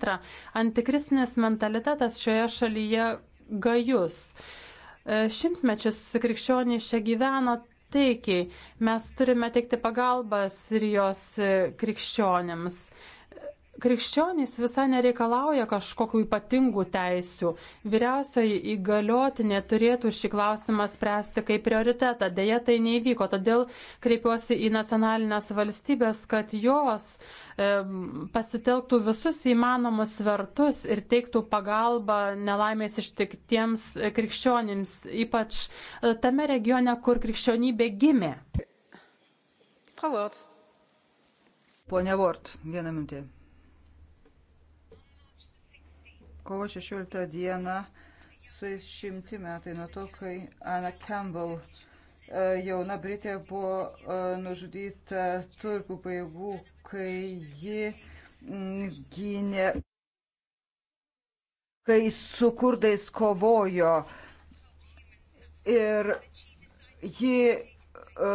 antra, antikristinis mentalitetas šioje šalyje gajus. E, šimtmečius krikščionys čia gyveno taikiai. Mes turime teikti pagalbą Sirijos e, krikščionėms. Krikščionys visai nereikalauja kažkokių ypatingų teisių. Vyriausiai įgaliotinė turėtų šį klausimą spręsti kaip prioritetą. Deja, tai neįvyko, todėl kreipiuosi į nacionalinės valstybės, kad jos e, pasitelktų visus įmanomus svertus ir teiktų pagalbą nelaimės ištiktiems krikščionims, ypač e, tame regione, kur krikščionybė gimė. Frau Wort. Ponia Wort, vieną minutę. kovo 16 dieną suės šimti metai nuo to, kai Anna Campbell, e, jauna Britė, buvo e, nužudyta turkų pajėgų, kai ji gynė, kai su kurdais kovojo ir ji e,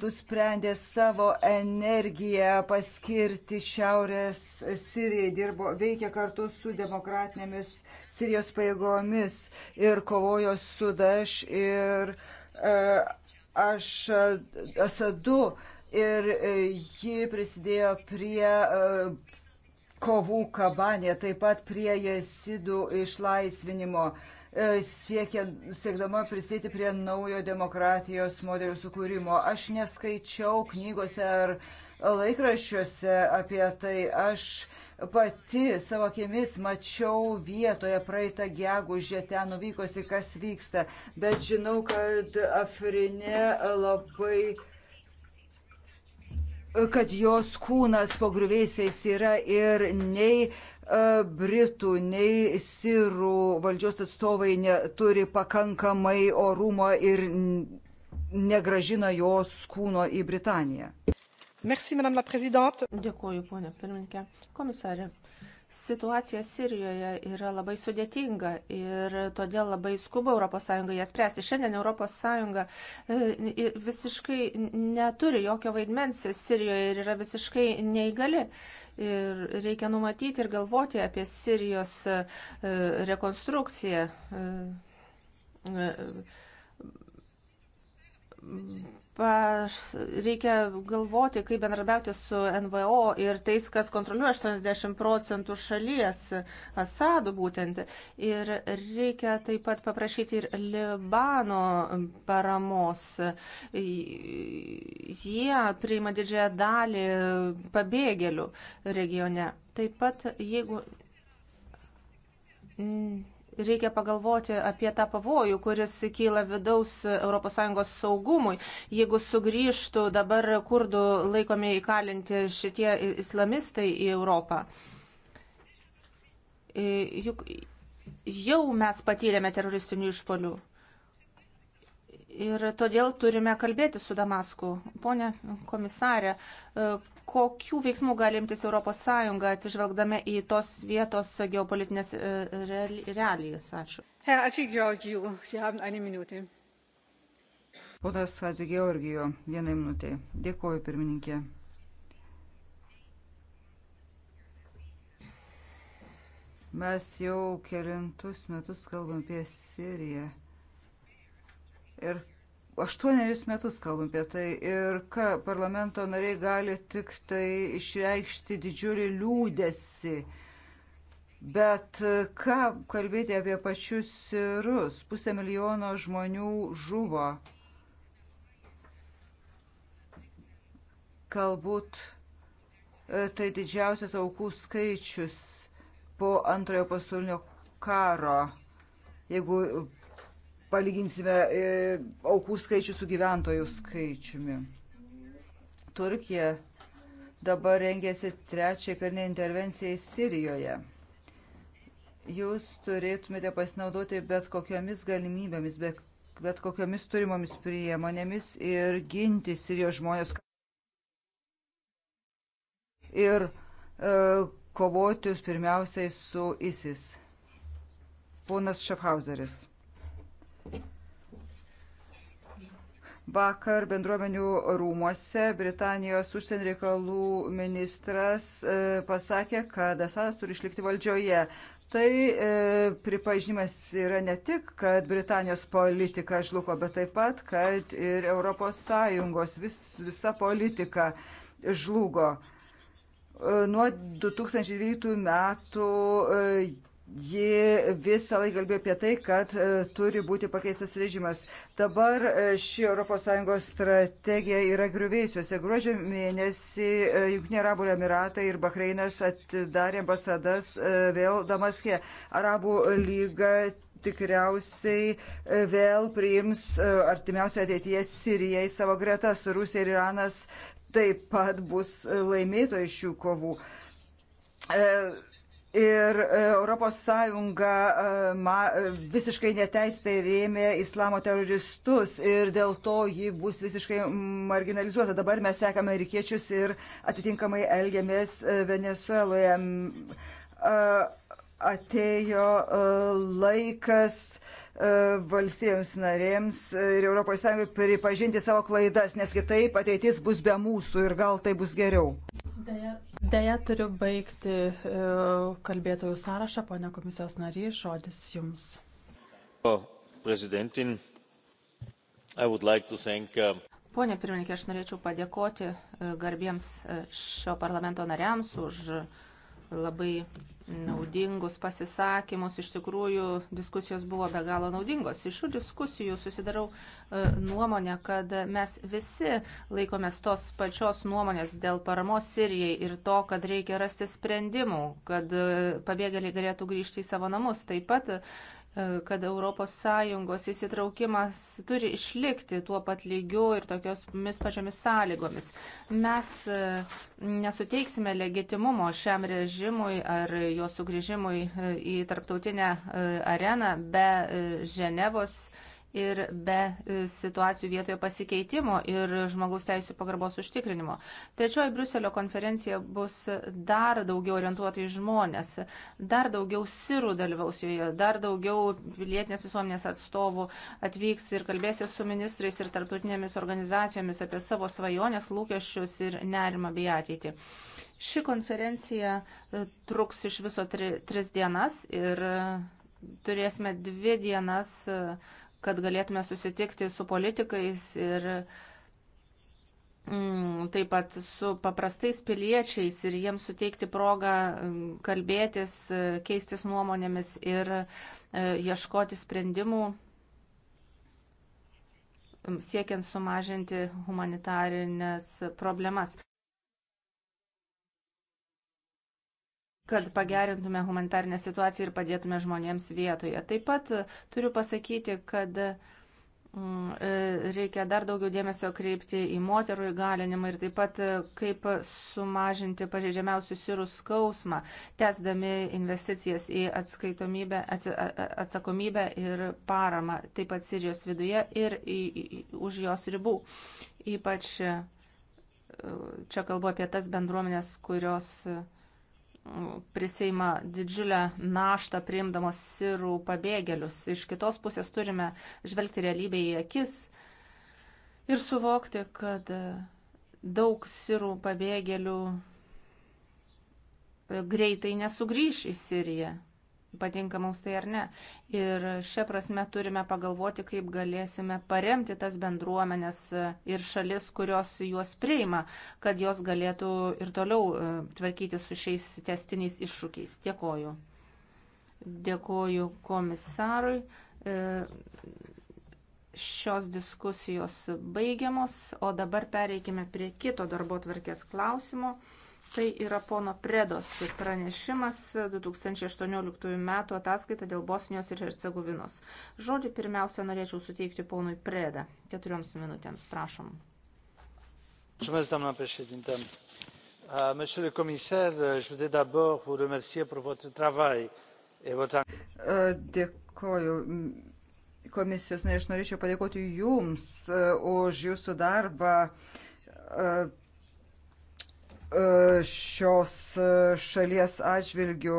nusprendė savo energiją paskirti Šiaurės Sirijai, dirbo, veikė kartu su demokratinėmis Sirijos pajėgomis ir kovojo su Daš ir e, aš Asadu ir e, ji prisidėjo prie e, kovų kabanė, taip pat prie jesidų išlaisvinimo. E, E, siekia, siekdama prisidėti prie naujo demokratijos modelio sukūrimo. Aš neskaičiau knygose ar laikraščiuose apie tai. Aš pati savo akimis mačiau vietoje praeitą gegužę, ten nuvykosi, kas vyksta. Bet žinau, kad Afrine labai kad jos kūnas po gruvėsiais yra ir nei e, Britų, nei Sirų valdžios atstovai neturi pakankamai orumo ir negražina jos kūno į Britaniją. Merci, Madame la Présidente. Dėkuoju, ponė pirmininkė. Komisarė, Situacija Sirijoje yra labai sudėtinga ir todėl labai skuba ES ją spręsti. Šiandien ES e, visiškai neturi jokio vaidmens Sirijoje ir yra visiškai neįgali. Ir reikia numatyti ir galvoti apie Sirijos e, rekonstrukciją e, Paš, reikia galvoti, kaip bendrabiauti su NVO ir tais, kas kontroliuoja 80 procentų šalies Asadų būtent. Ir reikia taip pat paprašyti ir Libano paramos. Jie priima didžiąją dalį pabėgėlių regione. Taip pat, jeigu reikia pagalvoti apie tą pavojų, kuris kyla vidaus ES saugumui. Jeigu sugrįžtų dabar kurdų laikomi įkalinti šitie islamistai į Europą. Juk jau mes patyrėme teroristinių išpolių. Ir todėl turime kalbėti su Damasku. Pone komisarė, kokių veiksmų gali imtis ES atsižvelgdame į tos vietos geopolitinės e, realijas? Ačiū. Ačiū, Georgijų. Ponas Hadži Georgijo, vienai minutė. Dėkuoju, pirmininkė. Mes jau kelintus metus kalbam apie Siriją. Ir aštuonerius metus kalbam apie tai ir ką parlamento nariai gali tik tai išreikšti didžiulį liūdėsi. Bet e, ką kalbėti apie pačius sirus? Pusę milijono žmonių žuvo. Galbūt e, tai didžiausias aukų skaičius po antrojo pasaulinio karo. Jeigu palyginsime e, aukų skaičių su gyventojų skaičiumi. Turkija dabar rengiasi trečiai karinė intervencijai Sirijoje. Jūs turėtumėte pasinaudoti bet kokiamis galimybėmis, bet, bet kokiamis turimomis priemonėmis ir ginti Sirijos žmonės. Ir e, kovoti pirmiausiai su ISIS. Ponas Šafhauseris. Vakar bendruomenių rūmuose Britanijos užsienio reikalų ministras e, pasakė, kad Asadas turi išlikti valdžioje. Tai e, pripažinimas yra ne tik, kad Britanijos politika žlugo, bet taip pat, kad ir ES vis, visa politika žlugo. E, nuo 2012 metų. E, ji visą laiką kalbėjo apie tai, kad e, turi būti pakeistas režimas. Dabar e, ši ES strategija yra griuvėsiuose. Gruodžio mėnesį e, Junktinė Arabų Emiratai ir Bahreinas atidarė ambasadas vėl Damaskė. Arabų lyga tikriausiai vėl priims artimiausioje ateityje Siriją į savo gretas. Rusija ir Iranas taip pat bus laimėtojai šių kovų. E, Ir e, Europos Sąjunga e, ma, e, visiškai neteistai rėmė islamo teroristus ir dėl to ji bus visiškai marginalizuota. Dabar mes sekame amerikiečius ir atitinkamai elgiamės Venezueloje. Atėjo laikas valstybėms narėms ir Europos Sąjungai pripažinti savo klaidas, nes kitaip ateitis bus be mūsų ir gal tai bus geriau. Deja. Deja, turiu baigti e, kalbėtojų sąrašą, ponia komisijos nariai, žodis jums. Uh, Pone pirmininkė, aš norėčiau padėkoti e, garbiems e, šio parlamento nariams už labai naudingus pasisakymus. Iš tikrųjų, diskusijos buvo be galo naudingos. Iš šių diskusijų susidarau e, nuomonę, kad mes visi laikomės tos pačios nuomonės dėl paramos Sirijai ir to, kad reikia rasti sprendimų, kad e, pabėgėliai galėtų grįžti į savo namus. Taip pat kad ES įsitraukimas turi išlikti tuo pat lygiu ir tokiomis pačiomis sąlygomis. Mes e, nesuteiksime legitimumo šiam režimui ar jo sugrįžimui e, į tarptautinę e, areną be Ženevos ir be e, situacijų vietoje pasikeitimo ir žmogaus teisų pagarbos užtikrinimo. Trečioji Bruselio konferencija bus dar daugiau orientuota į žmonės, dar daugiau sirų dalyvaus joje, dar daugiau pilietinės visuomenės atstovų atvyks ir kalbėsės su ministrais ir tarptautinėmis organizacijomis apie savo svajonės, lūkesčius ir nerimą bei ateitį. Ši konferencija e, truks iš viso tri, tris dienas ir e, turėsime dvi dienas uh, kad galėtume susitikti su politikais ir mm, taip pat su paprastais piliečiais ir jiems suteikti progą mm, kalbėtis, keistis nuomonėmis ir e, ieškoti sprendimų mm, siekiant sumažinti humanitarinės problemas. kad pagerintume humanitarinę situaciją ir padėtume žmonėms vietoje. Taip pat e, turiu pasakyti, kad mm, e, reikia dar daugiau dėmesio kreipti į moterų įgalinimą ir taip pat e, kaip sumažinti pažeidžiamiausių sirų skausmą, tesdami investicijas į atskaitomybę, atsakomybę ir paramą, taip pat Sirijos viduje ir į, į, už jos ribų. Ypač čia kalbu apie tas bendruomenės, kurios uh, prisima didžiulę naštą priimdamos sirų pabėgėlius. Iš kitos pusės turime žvelgti realybę į akis ir suvokti, kad daug sirų pabėgėlių greitai nesugrįž į Siriją patinka mums tai ar ne. Ir šią prasme turime pagalvoti, kaip galėsime paremti tas bendruomenės e, ir šalis, kurios juos priima, kad jos galėtų ir toliau e, tvarkyti su šiais testiniais iššūkiais. Dėkoju. Dėkoju komisarui. E, šios diskusijos baigiamos, o dabar pereikime prie kito darbo tvarkės klausimo. Tai yra pono Predos pranešimas 2018 metų ataskaita dėl Bosnijos ir Hercegovinos. Žodį pirmiausia norėčiau suteikti ponui Preda. Keturioms minutėms, prašom. Mulțumesc, doamna președintă. Monsieur le commissaire, je voudrais d'abord vous remercier pour votre travail et votre... Dėkoju. Komisijos, na, aš norėčiau padėkoti Jums už Jūsų darbą šios šalies atžvilgių.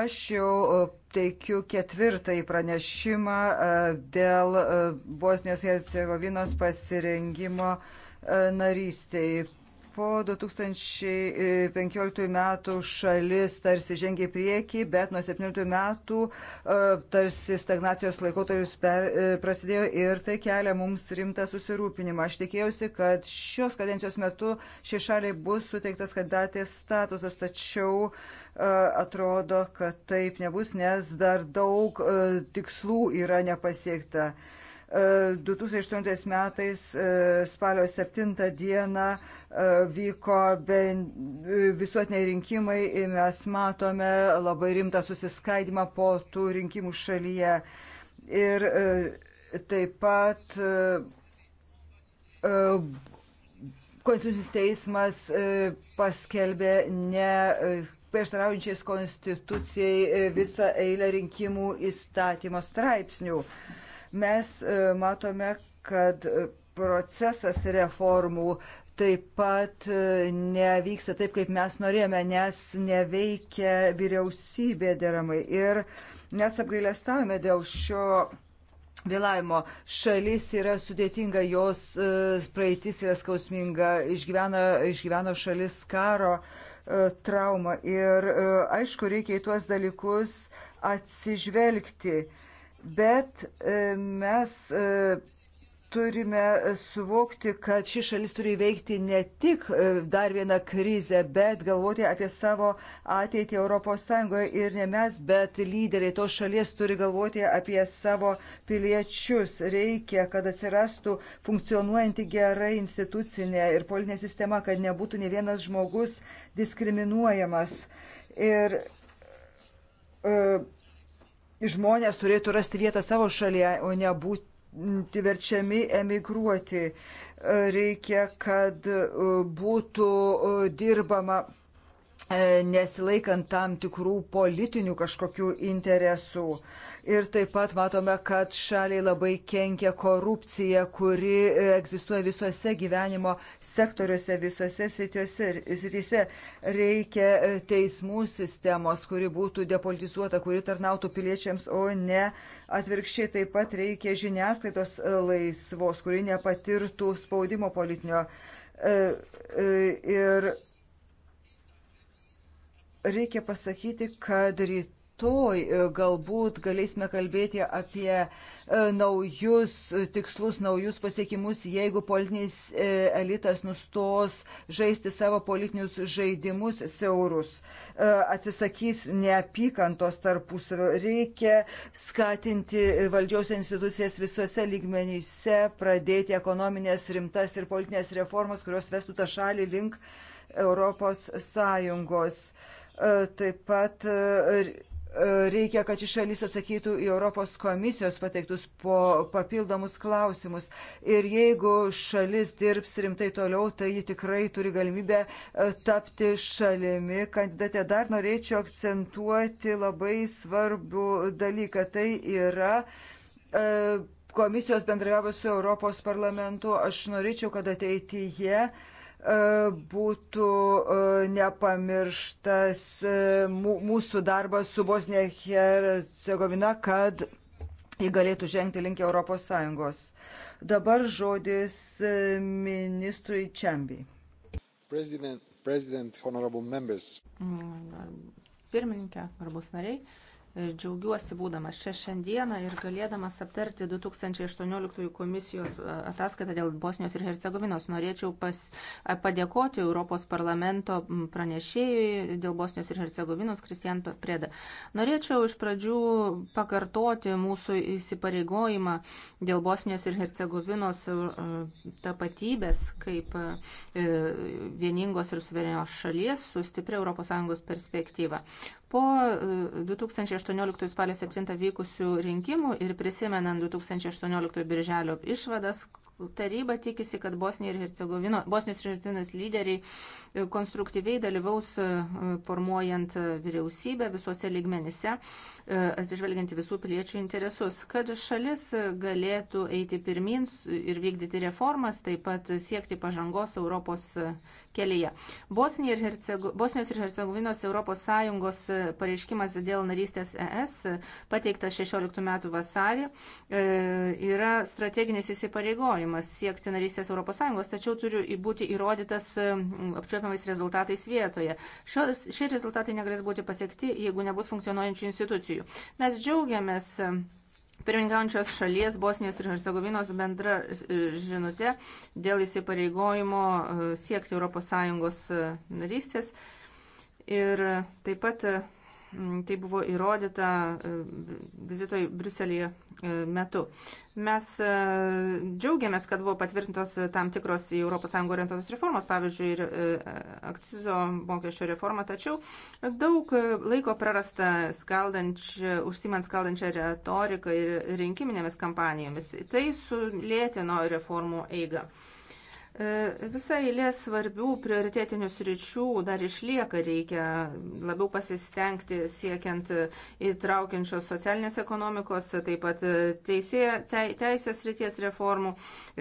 Aš jau e, teikiu ketvirtąjį pranešimą e, dėl e, Bosnijos ir Hercegovinos pasirengimo narystėje Po 2015 e, metų šalis tarsi žengė prieki, bet nuo 2017 metų e, tarsi stagnacijos laikotarpis e, prasidėjo ir tai kelia mums rimtą susirūpinimą. Aš tikėjausi, kad šios kadencijos metu šie šaliai bus suteiktas kandidatės statusas, tačiau atrodo, kad taip nebus, nes dar daug tikslų yra nepasiekta. 2008 metais e, spalio 7 dieną e, vyko e, visuotiniai rinkimai ir mes matome labai rimtą susiskaidimą po tų rinkimų šalyje. Ir taip pat Konstitucinis teismas paskelbė ne prieštaraujančiais konstitucijai visą eilę rinkimų įstatymo straipsnių. Uh, Mes e, matome, kad procesas reformų taip pat e, nevyksta taip, kaip mes norėjome, nes neveikia vyriausybė deramai. Ir mes apgailestavome dėl šio. Vėlavimo šalis yra sudėtinga, jos e, praeitis yra skausminga, išgyvena, išgyveno šalis karo traumą ir aišku, reikia į tuos dalykus atsižvelgti bet e, mes e, turime suvokti, kad ši šalis turi veikti ne tik e, dar vieną krizę, bet galvoti apie savo ateitį ES ir ne mes, bet lyderiai tos šalies turi galvoti apie savo piliečius. Reikia, kad atsirastų funkcionuojanti gerai institucinė ir politinė sistema, kad nebūtų ne vienas žmogus diskriminuojamas. Ir, uh, žmonės turėtų rasti vietą savo šalyje, o nebūti verčiami emigruoti. Reikia, kad e, būtų e, dirbama E, nesilaikant tam tikrų politinių kažkokių interesų. Ir taip pat matome, kad šaliai labai kenkia korupcija, kuri e, egzistuoja visuose gyvenimo sektoriuose, visuose srityse. Reikia e, teismų sistemos, kuri būtų depolitizuota, kuri tarnautų piliečiams, o ne atvirkščiai. Taip pat reikia žiniasklaidos laisvos, kuri nepatirtų spaudimo politinio. Ir reikia pasakyti, kad rytoj e, galbūt galėsime kalbėti apie e, naujus tikslus, naujus pasiekimus, jeigu politinis e, elitas nustos žaisti savo politinius žaidimus siaurus, atsisakys neapykantos tarpusavio. Reikia skatinti valdžios institucijas visuose lygmenyse, pradėti ekonominės rimtas ir politinės reformas, kurios vestų tą šalį link Europos Sąjungos. Uh, E, taip pat e, e, reikia, kad šis šalis atsakytų į Europos komisijos pateiktus po papildomus klausimus. Ir jeigu šalis dirbs rimtai toliau, tai ji tikrai turi galimybę tapti šalimi. Kandidatė dar norėčiau akcentuoti labai svarbų dalyką. Tai yra komisijos bendravimas su Europos parlamentu. Aš norėčiau, kad ateityje uh, E, būtų e, nepamirštas e, mūsų darbas su Bosnija Hercegovina, kad jį galėtų žengti link Europos Sąjungos. Dabar žodis ministrui Čembiai. President, president, honorable members. Mm, pirmininkė, garbus nariai. Ir džiaugiuosi būdamas čia šiandieną ir galėdamas aptarti 2018 komisijos e, ataskaitą dėl Bosnijos ir Hercegovinos. Norėčiau pas, e, padėkoti Europos parlamento pranešėjui dėl Bosnijos ir Hercegovinos, Kristijan Preda. Norėčiau iš pradžių pakartoti mūsų įsipareigojimą dėl Bosnijos ir Hercegovinos e, tapatybės kaip vieningos ir suverenios šalies su stipria ES perspektyva. Po 2018 e, spalio 7 vykusių rinkimų ir prisimenant 2018 birželio išvadas, taryba tikisi, kad Bosnijos ir Hercegovinos lyderiai e, konstruktyviai dalyvaus e, formuojant vyriausybę visuose lygmenyse, atsižvelgianti visų piliečių interesus, kad šalis galėtų eiti pirmin ir vykdyti reformas, taip pat siekti pažangos Europos kelyje. Bosnijos ir Hercegovinos Europos Sąjungos pareiškimas dėl narystės ES, pateiktas 16 metų vasarį, e, yra strateginis įsipareigojimas siekti narystės ES, tačiau turi būti įrodytas e, apčiuopiamais rezultatais vietoje. Šios, šie rezultatai negalės būti pasiekti, jeigu nebus funkcionuojančių institucijų. Mes džiaugiamės e, Pirmininkaujančios šalies Bosnijos ir Hercegovinos bendra žinutė dėl įsipareigojimo siekti ES narystės Ir taip pat mm, tai buvo įrodyta e, vizito į Bruselį e, metu. Mes e, džiaugiamės, kad buvo patvirtintos tam tikros į ES orientuotos reformos, pavyzdžiui, ir akcizo mokesčio reforma, tačiau daug laiko prarasta skaldanč, užsimant skaldančią retoriką ir rinkiminėmis kampanijomis. Tai sulėtino reformų eigą. E, visa eilė svarbių prioritetinių sričių dar išlieka, reikia labiau pasistengti siekiant įtraukiančios socialinės ekonomikos, taip pat teisė, te, teisės ryties reformų.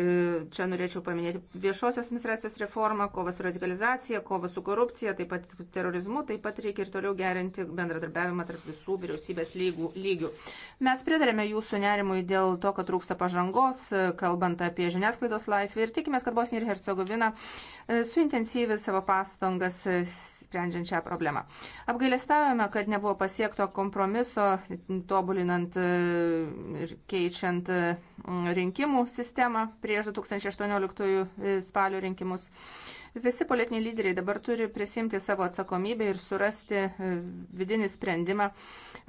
E, čia norėčiau paminėti viešosios administracijos reformą, kovą su radikalizacija, kovą su korupcija, taip pat terorizmu, taip pat reikia ir toliau gerinti bendradarbiavimą tarp visų vyriausybės lygų, lygių. Mes pritarėme jūsų nerimui dėl to, kad trūksta pažangos, kalbant apie žiniasklaidos laisvę ir tikimės, kad Bosnija ir Hercegovina e, suintensyvi savo pastangas e, sprendžiant šią problemą. Apgailestavome, kad nebuvo pasiekto kompromiso, tobulinant e, ir keičiant rinkimų sistemą prieš 2018 spalio rinkimus. Visi politiniai lyderiai dabar turi prisimti savo atsakomybę ir surasti vidinį sprendimą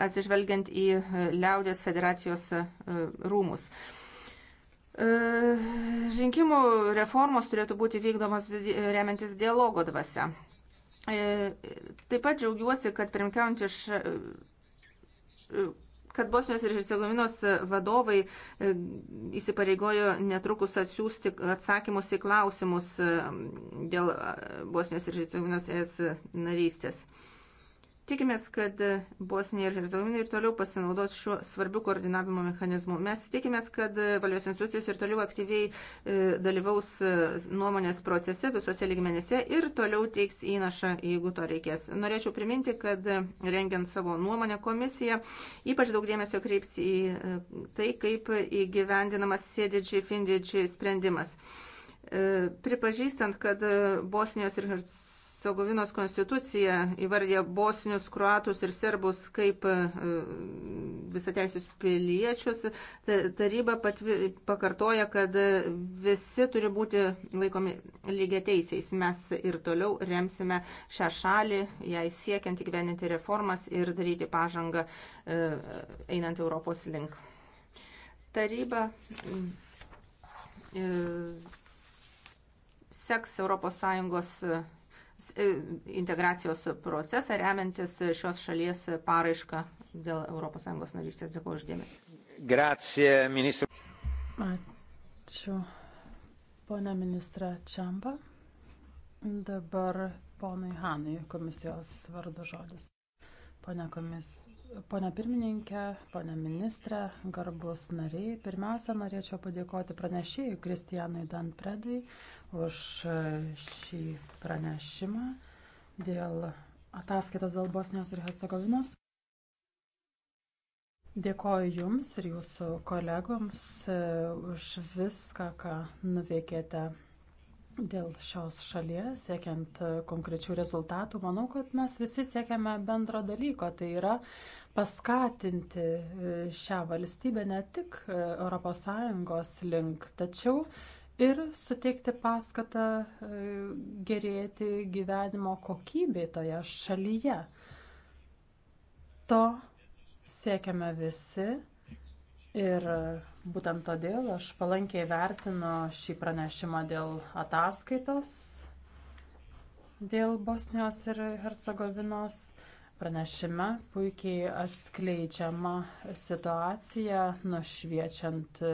atsižvelgiant į Liaudės federacijos rūmus. E, rinkimų reformos turėtų būti vykdomos remiantis dialogo dvasia. E, taip pat džiaugiuosi, kad pirmkiaujant iš e, kad Bosnijos ir Hercegovinos vadovai įsipareigojo netrukus atsiųsti atsakymus į klausimus dėl Bosnijos ir Hercegovinos es narystės. Tikimės, kad Bosnija ir Herzegovina ir toliau pasinaudos šiuo svarbiu koordinavimo mechanizmu. Mes tikimės, kad valios institucijos ir toliau aktyviai e, dalyvaus e, nuomonės procese visuose lygmenėse ir toliau teiks įnašą, jeigu to reikės. Norėčiau priminti, kad rengiant savo nuomonę komisija ypač daug dėmesio kreips į e, tai, kaip įgyvendinamas sėdėdžiai, findėdžiai sprendimas. Pripažįstant, kad Bosnijos ir Herzegovinos Hercegovinos konstitucija įvardė bosnius, kruatus ir serbus kaip e, visateisius piliečius. Taryba patvi, pakartoja, kad visi turi būti laikomi lygiateisiais. Mes ir toliau remsime šią šalį, jai siekiant įgyveninti reformas ir daryti pažangą e, einant Europos link. Taryba e, seks ES E, integracijos procesą remiantis šios šalies paraišką dėl ES narystės. Dėkuoju uždėmesi. Grazie, ministru. Ačiū, ponia ministra Čiamba. Dabar ponui Hanui komisijos vardu žodis. Pone, komis... Pone pirmininkė, pone ministrė, garbus nariai, pirmiausia, norėčiau padėkoti pranešėjui Kristijanui Danpredui už e, šį pranešimą dėl ataskaitos dėl Bosnijos ir Hercegovinos. Dėkoju Jums ir Jūsų kolegoms e, už viską, ką nuveikėte dėl šios šalies, siekiant e, konkrečių rezultatų. Manau, kad mes visi siekiame bendro dalyko, tai yra paskatinti šią valstybę ne tik ES link, tačiau ir suteikti paskatą e, gerėti gyvenimo kokybei toje šalyje. To siekiame visi ir būtent todėl aš palankiai vertinu šį pranešimą dėl ataskaitos dėl Bosnijos ir Hercegovinos Pranešime puikiai atskleidžiama situacija, nušviečiant e,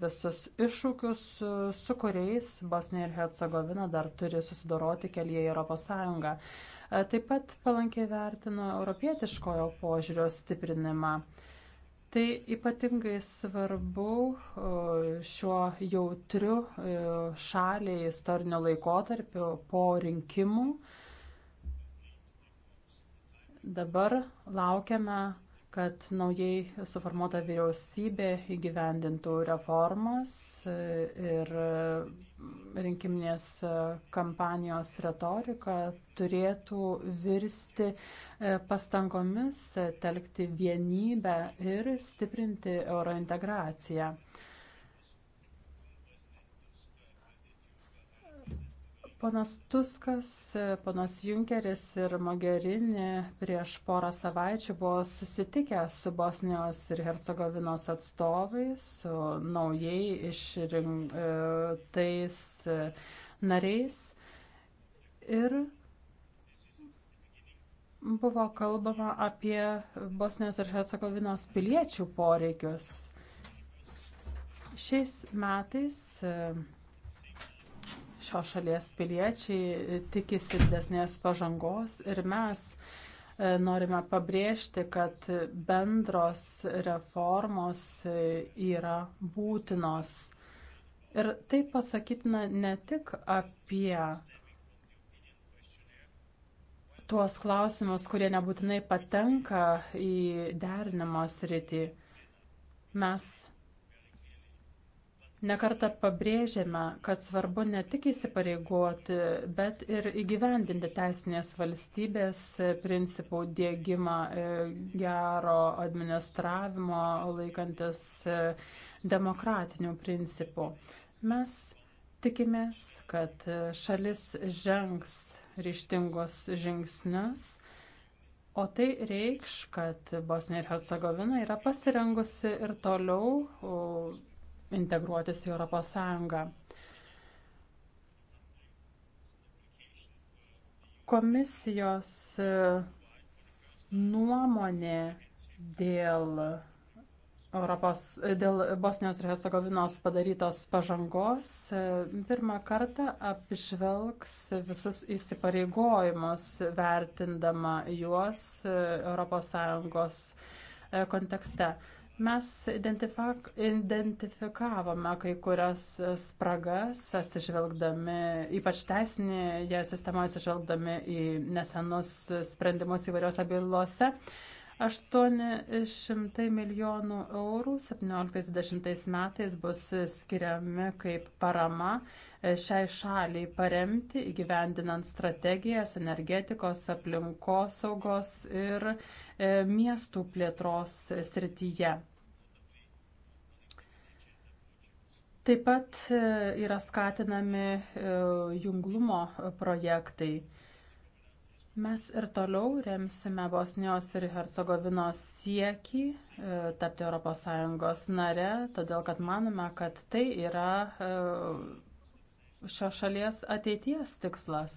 visus iššūkius, e, su kuriais Bosnija ir Hercegovina dar turi susidoroti kelyje į ES. E, taip pat palankiai vertinu europietiškojo požiūrio stiprinimą. Tai ypatingai svarbu šiuo jautriu šaliai istoriniu laikotarpiu po rinkimų Dabar laukiame, kad naujai suformuota vyriausybė įgyvendintų reformas e, ir rinkiminės kampanijos retorika turėtų virsti e, pastangomis telkti vienybę ir stiprinti eurointegraciją. Ponas Tuskas, ponas Junkeris ir Mogherini prieš porą savaičių buvo susitikę su Bosnijos ir Hercegovinos atstovais, su naujai išrinktais e, e, nariais. Ir buvo kalbama apie Bosnijos ir Hercegovinos piliečių poreikius. Šiais metais e, Šios šalies piliečiai tikisi didesnės pažangos ir mes e, norime pabrėžti, kad bendros reformos e, yra būtinos. Ir tai pasakytina ne tik apie tuos klausimus, kurie nebūtinai patenka į derinimo sritį. Mes Nekartą pabrėžėme, kad svarbu ne tik įsipareigoti, bet ir įgyvendinti teisinės valstybės principų dėgymą e, gero administravimo, laikantis e, demokratinių principų. Mes tikimės, kad šalis žengs ryštingus žingsnius O tai reikš, kad Bosnija ir Hercegovina yra pasirengusi ir toliau integruotis į Europos Sąjungą. Komisijos e, nuomonė dėl Europos, e, dėl Bosnijos ir Hercegovinos padarytos pažangos e, pirmą kartą apžvelgs visus įsipareigojimus, vertindama juos ES kontekste. Mes identifikavome kai kurias spragas, atsižvelgdami, ypač teisinėje sistemoje atsižvelgdami į nesenus sprendimus įvairiose bylose. 800 milijonų eurų 17-20 metais bus skiriami kaip parama šiai šaliai paremti įgyvendinant strategijas energetikos, aplinkosaugos ir e, miestų plėtros srityje. Taip pat e, yra skatinami e, junglumo projektai. Mes ir toliau remsime Bosnijos ir Hercegovinos siekį e, tapti ES nare, todėl kad manome, kad tai yra e, šios šalies ateities tikslas.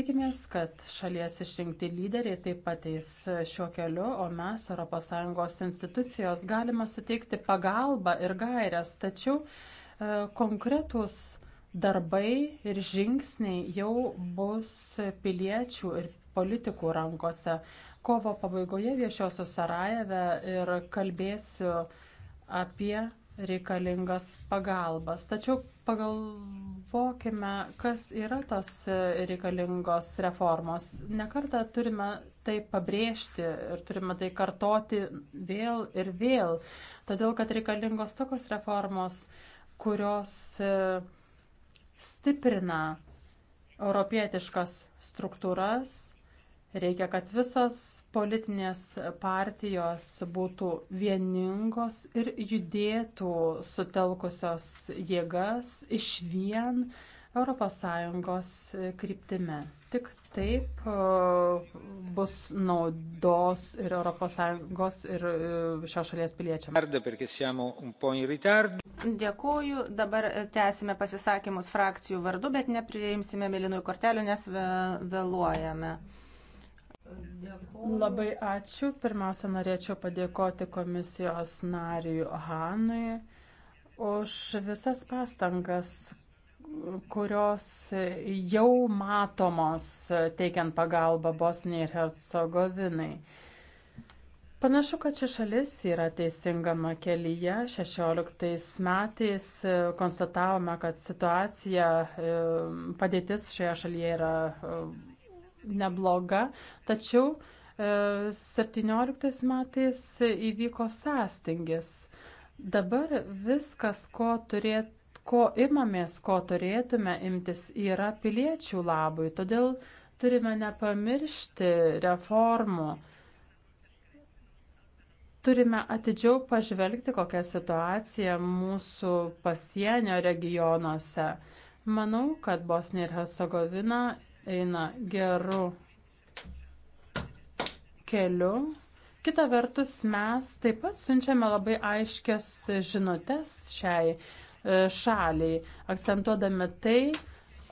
Tikimės, kad šalies išrinkti lyderiai taip pat eis šiuo keliu, o mes, ES institucijos, galime suteikti pagalbą ir gairias, tačiau e, konkretūs darbai ir žingsniai jau bus piliečių ir politikų rankose. Kovo pabaigoje viešiosiu Sarajeve ir kalbėsiu apie reikalingas pagalbas. Tačiau pagalvokime, kas yra tos reikalingos reformos. Nekartą turime tai pabrėžti ir turime tai kartoti vėl ir vėl, todėl kad reikalingos tokios reformos, kurios e, stiprina europietiškas struktūras. Reikia, kad visos politinės partijos būtų vieningos ir judėtų sutelkusios jėgas iš vien ES kryptime. Tik Taip bus naudos ir ES ir e, šios šalies piliečiams. Dėkuoju, dabar tęsime pasisakymus frakcijų vardu, bet nepriimsime mėlynųjų kortelių, nes vėluojame. Dėkuoju. Labai ačiū. Pirmiausia, norėčiau padėkoti komisijos nariui Hanui už visas pastangas, kurios jau matomos teikiant pagalbą Bosnijai ir Hercegovinai. Panašu, kad ši šalis yra teisingame kelyje. 16 metais konstatavome, kad situacija, e, padėtis šioje šalyje yra e, nebloga, tačiau 17 e, metais įvyko sąstingis. Dabar viskas, ko turėtų ko imamės, ko turėtume imtis, yra piliečių labui. Todėl turime nepamiršti reformų. Turime atidžiau pažvelgti, kokia situacija mūsų pasienio regionuose. Manau, kad Bosnija ir Hercegovina eina geru keliu. Kita vertus, mes taip pat siunčiame labai aiškias žinutes šiai uh, šaliai, akcentuodami tai,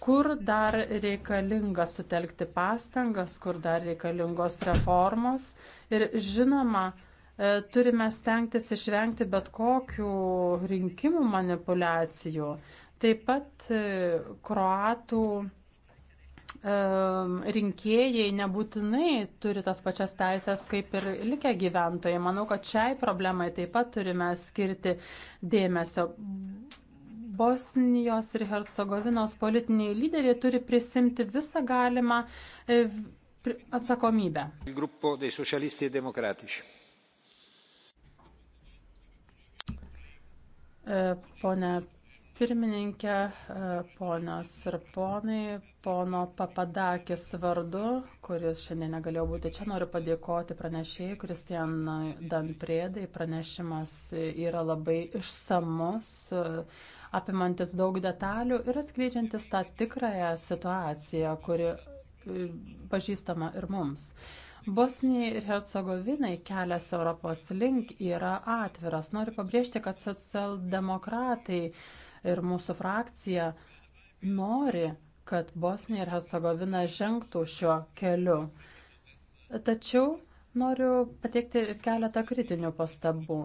kur dar reikalinga sutelkti pastangas, kur dar reikalingos reformos ir žinoma, e, turime stengtis išvengti bet kokių rinkimų manipulacijų. Taip pat e, kroatų e, rinkėjai nebūtinai turi tas pačias teisės kaip ir likę gyventojai. Manau, kad šiai problemai taip pat turime skirti dėmesio. Bosnijos ir Hercegovinos politiniai lyderiai turi prisimti visą galimą e, atsakomybę. E e, pone Pirmininkė, e, ponios ir ponai, pono Papadakis vardu, kuris šiandien negalėjo būti čia, noriu padėkoti pranešėjai Kristijanai Danprėdai. Pranešimas yra labai išsamus, e, apimantis daug detalių ir atskleidžiantis tą tikrąją situaciją, kuri e, pažįstama ir mums. Bosnijai ir Hercegovinai kelias Europos link yra atviras. Noriu pabrėžti, kad socialdemokratai uh, ir mūsų frakcija nori, kad Bosnija ir Hercegovina žengtų šiuo keliu. Tačiau noriu pateikti ir keletą kritinių pastabų.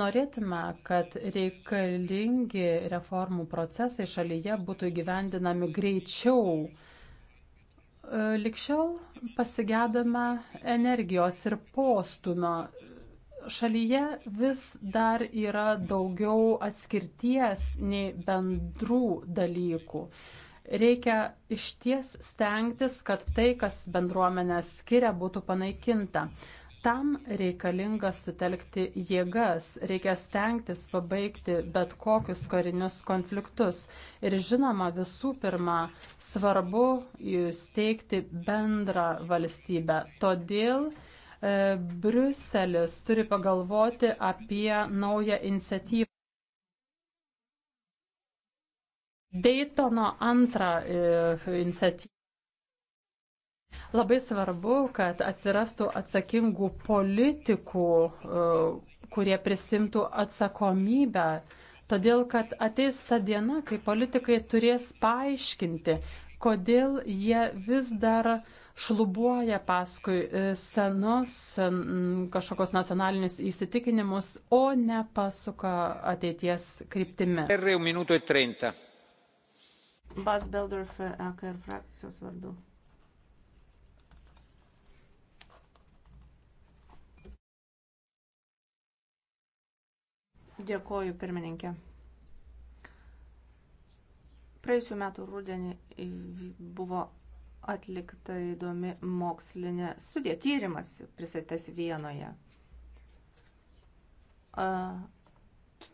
Norėtume, kad reikalingi reformų procesai šalyje būtų įgyvendinami greičiau. Likščiau pasigėdame energijos ir postumio šalyje vis dar yra daugiau atskirties nei bendrų dalykų. Reikia išties stengtis, kad tai, kas bendruomenę skiria, būtų panaikinta. Tam reikalinga sutelkti jėgas, reikia stengtis pabaigti bet kokius karinius konfliktus. Ir žinoma, visų pirma, svarbu steigti bendrą valstybę. Todėl, E, Briuselis turi pagalvoti apie naują iniciatyvą. Daytono antrą e, iniciatyvą. Labai svarbu, kad atsirastų atsakingų politikų, e, kurie prisimtų atsakomybę. Todėl, kad ateis ta diena, kai politikai turės paaiškinti, kodėl jie vis dar uh, šlubuoja paskui e, senus kažkokios nacionalinius įsitikinimus, o ne pasuka ateities kryptimi. E Bas Beldorf, AKR e frakcijos vardu. Dėkoju, pirmininkė. Praėjusiu metu rūdienį buvo atlikta įdomi mokslinė studija, tyrimas pristatytas Vienoje.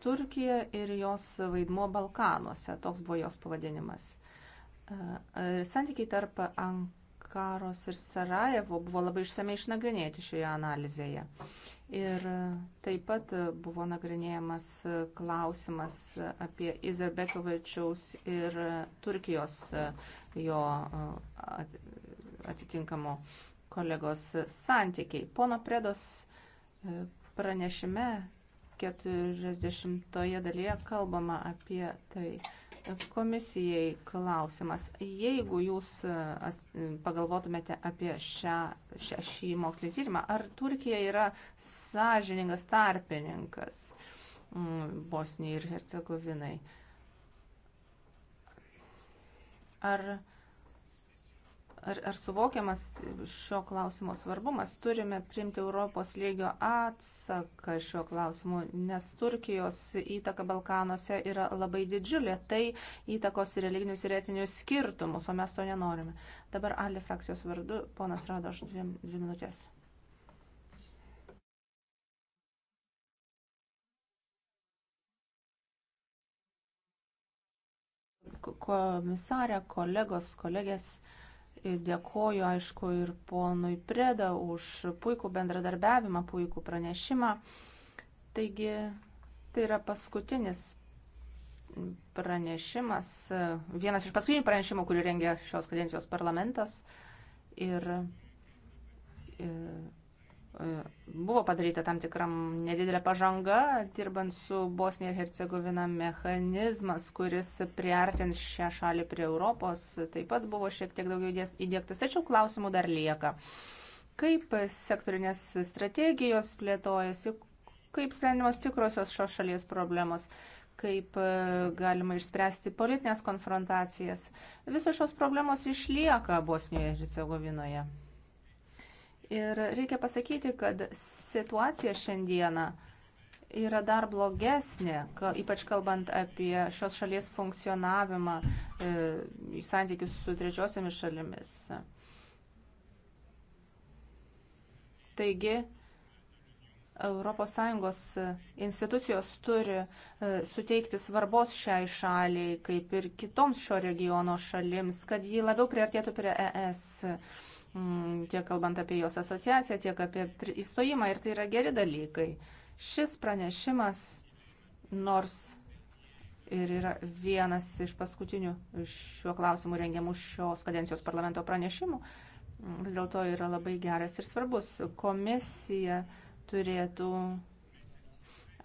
Turkija ir jos vaidmuo Balkanuose, toks buvo jos pavadinimas. Ir santykiai tarp Ankaros Ankaros ir Sarajevo buvo labai išsamei išnagrinėti šioje analizėje. Ir taip pat buvo nagrinėjamas klausimas apie Izerbekovičiaus ir Turkijos jo atitinkamo kolegos santykiai. Pono Predos e, pranešime 40 dalyje kalbama apie tai, Komisijai klausimas. Jeigu jūs e, pagalvotumėte apie šią, šią, šį mokslinį tyrimą, ar Turkija yra sąžiningas tarpininkas mm, Bosnijai ir Hercegovinai? Ar ar, ar suvokiamas šio klausimo svarbumas, turime priimti Europos lygio atsaką šiuo klausimu, nes Turkijos įtaka Balkanuose yra labai didžiulė, tai įtakos religinius ir etinius skirtumus, o mes to nenorime. Dabar Ali frakcijos vardu, ponas Rado, aš dvi, dvi minutės. Komisarė, kolegos, kolegės. Dėkoju, aišku, ir ponui Preda už puikų bendradarbiavimą, puikų pranešimą. Taigi, tai yra paskutinis pranešimas, vienas iš paskutinių pranešimų, kurį rengia šios kadencijos parlamentas. Ir, ir e, E, buvo padaryta tam tikram nedidelė pažanga, dirbant su Bosnija ir Hercegovina mechanizmas, kuris priartins šią šalį prie Europos, taip pat buvo šiek tiek daugiau įdėktas, tačiau klausimų dar lieka. Kaip sektorinės strategijos plėtojasi, kaip sprendimos tikrosios šios šalies problemos, kaip e, galima išspręsti politinės konfrontacijas. Visos šios problemos išlieka Bosnijoje ir Hercegovinoje. Ir reikia pasakyti, kad situacija šiandieną yra dar blogesnė, ka, ypač kalbant apie šios šalies funkcionavimą e, į santykius su trečiosiamis šalimis. Taigi, ES institucijos turi e, suteikti svarbos šiai šaliai, kaip ir kitoms šio regiono šalims, kad ji labiau priartėtų prie ES. E, Mm, tiek kalbant apie jos asociaciją, tiek apie įstojimą ir tai yra geri dalykai. Šis pranešimas, nors ir yra vienas iš paskutinių šiuo klausimu rengiamų šios kadencijos parlamento pranešimų, mm, vis dėlto yra labai geras ir svarbus. Komisija turėtų,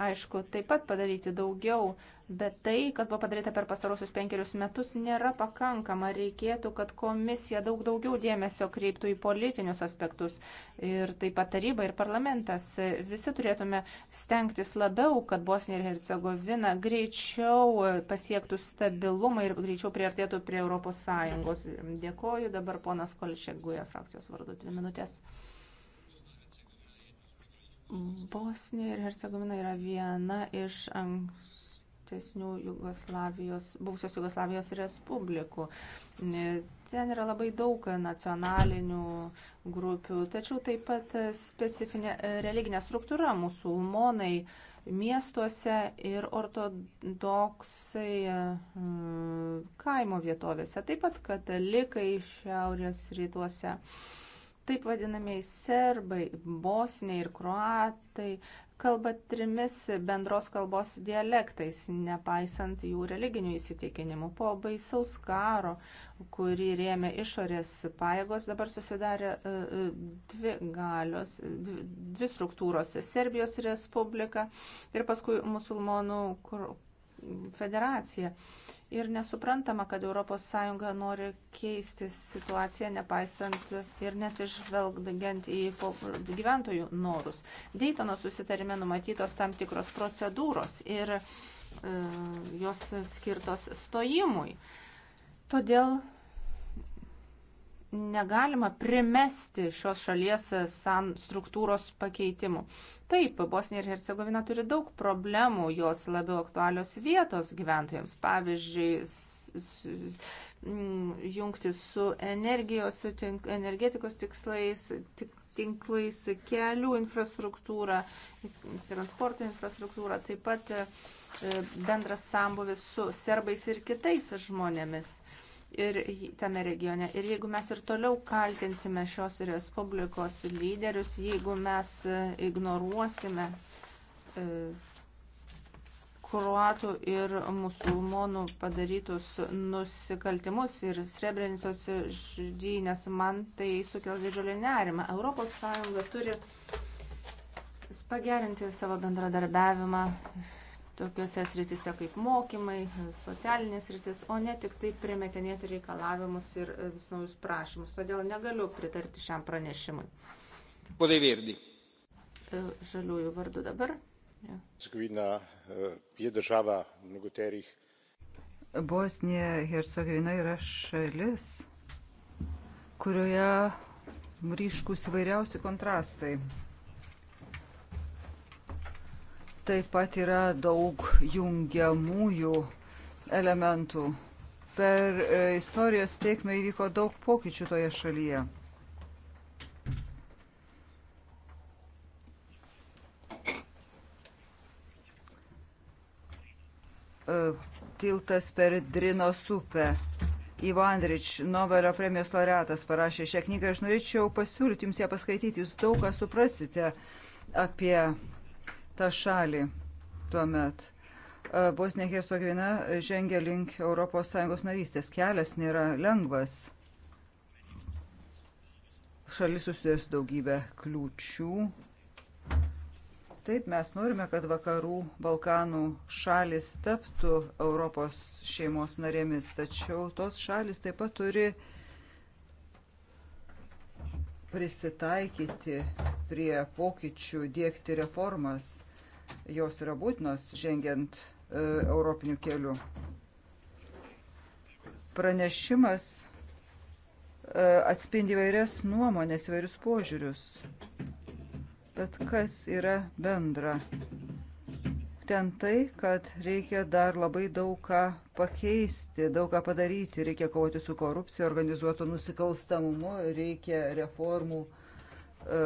aišku, taip pat padaryti daugiau, Bet tai, kas buvo padaryta per pasarosius penkerius metus, nėra pakankama. Reikėtų, kad komisija daug daugiau dėmesio kreiptų į politinius aspektus. Ir taip pat taryba ir parlamentas. Visi turėtume stengtis labiau, kad Bosnija ir Hercegovina greičiau pasiektų stabilumą ir greičiau priartėtų prie ES. Dėkoju. Dabar ponas Kolšek Guja frakcijos vardu. Dvi minutės. Bosnija ir Hercegovina yra viena iš anksčiau ankstesnių Jugoslavijos, buvusios Jugoslavijos respublikų. Ten yra labai daug nacionalinių grupių, tačiau taip pat specifinė e, religinė struktūra - musulmonai miestuose ir ortodoksai e, kaimo vietovėse, taip pat katalikai šiaurės rytuose taip vadinamieji serbai, bosniai ir kroatai kalba trimis bendros kalbos dialektais, nepaisant jų religinių įsitikinimų. Po baisaus karo, kurį rėmė išorės pajėgos, dabar susidarė e, e, dvi galios, dvi, dvi struktūros - Serbijos Respublika ir paskui musulmonų federacija. Ir nesuprantama, kad ES nori keisti situaciją, nepaisant ir neatsižvelgiant į gyventojų norus. Daytono susitarime numatytos tam tikros procedūros ir e, jos skirtos stojimui. Todėl negalima primesti šios šalies e, san struktūros pakeitimų. Taip, Bosnija ir Hercegovina turi daug problemų, jos labiau aktualios vietos gyventojams. Pavyzdžiui, mm, jungti su energijos, energetikos tikslais, tik, tinklais, kelių infrastruktūra, transporto infrastruktūra, taip pat e, bendras sambuvis su serbais ir kitais žmonėmis ir tame regione. Ir jeigu mes ir toliau kaltinsime šios respublikos lyderius, jeigu mes e, ignoruosime e, kruatų ir musulmonų padarytus nusikaltimus ir Srebrenicos žudynės, man tai sukels didžiulį nerimą. ES turi pagerinti savo bendradarbiavimą tokiuose sritise kaip mokymai, socialinės sritis, o ne tik tai primetinėti reikalavimus ir e, vis naujus prašymus. Todėl negaliu pritarti šiam pranešimui. Podai Verdi. E, žaliųjų vardu dabar. E, Bosnija Hercegovina yra šalis, kurioje ryškus įvairiausi kontrastai taip pat yra daug jungiamųjų elementų. Per e, istorijos teikmę įvyko daug pokyčių toje šalyje. E, tiltas per Drinos upę. Ivandrič, Nobelio premijos laureatas, parašė šią knygą. Aš norėčiau pasiūlyti jums ją paskaityti. Jūs daug ką suprasite apie tą šalį tuomet. E, Bosnija Hercegovina žengia link ES narystės. Kelias nėra lengvas. Šalis susidės daugybę kliūčių. Taip, mes norime, kad vakarų Balkanų šalis taptų Europos šeimos narėmis, tačiau tos šalis taip pat turi prisitaikyti prie pokyčių, dėkti reformas jos yra būtinos žengiant e, europiniu keliu. Pranešimas e, atspindi vairias nuomonės, vairius požiūrius. Bet kas yra bendra? Ten tai, kad reikia dar labai daug ką pakeisti, daug ką padaryti. Reikia kovoti su korupcija, organizuoto nusikalstamumu, reikia reformų e,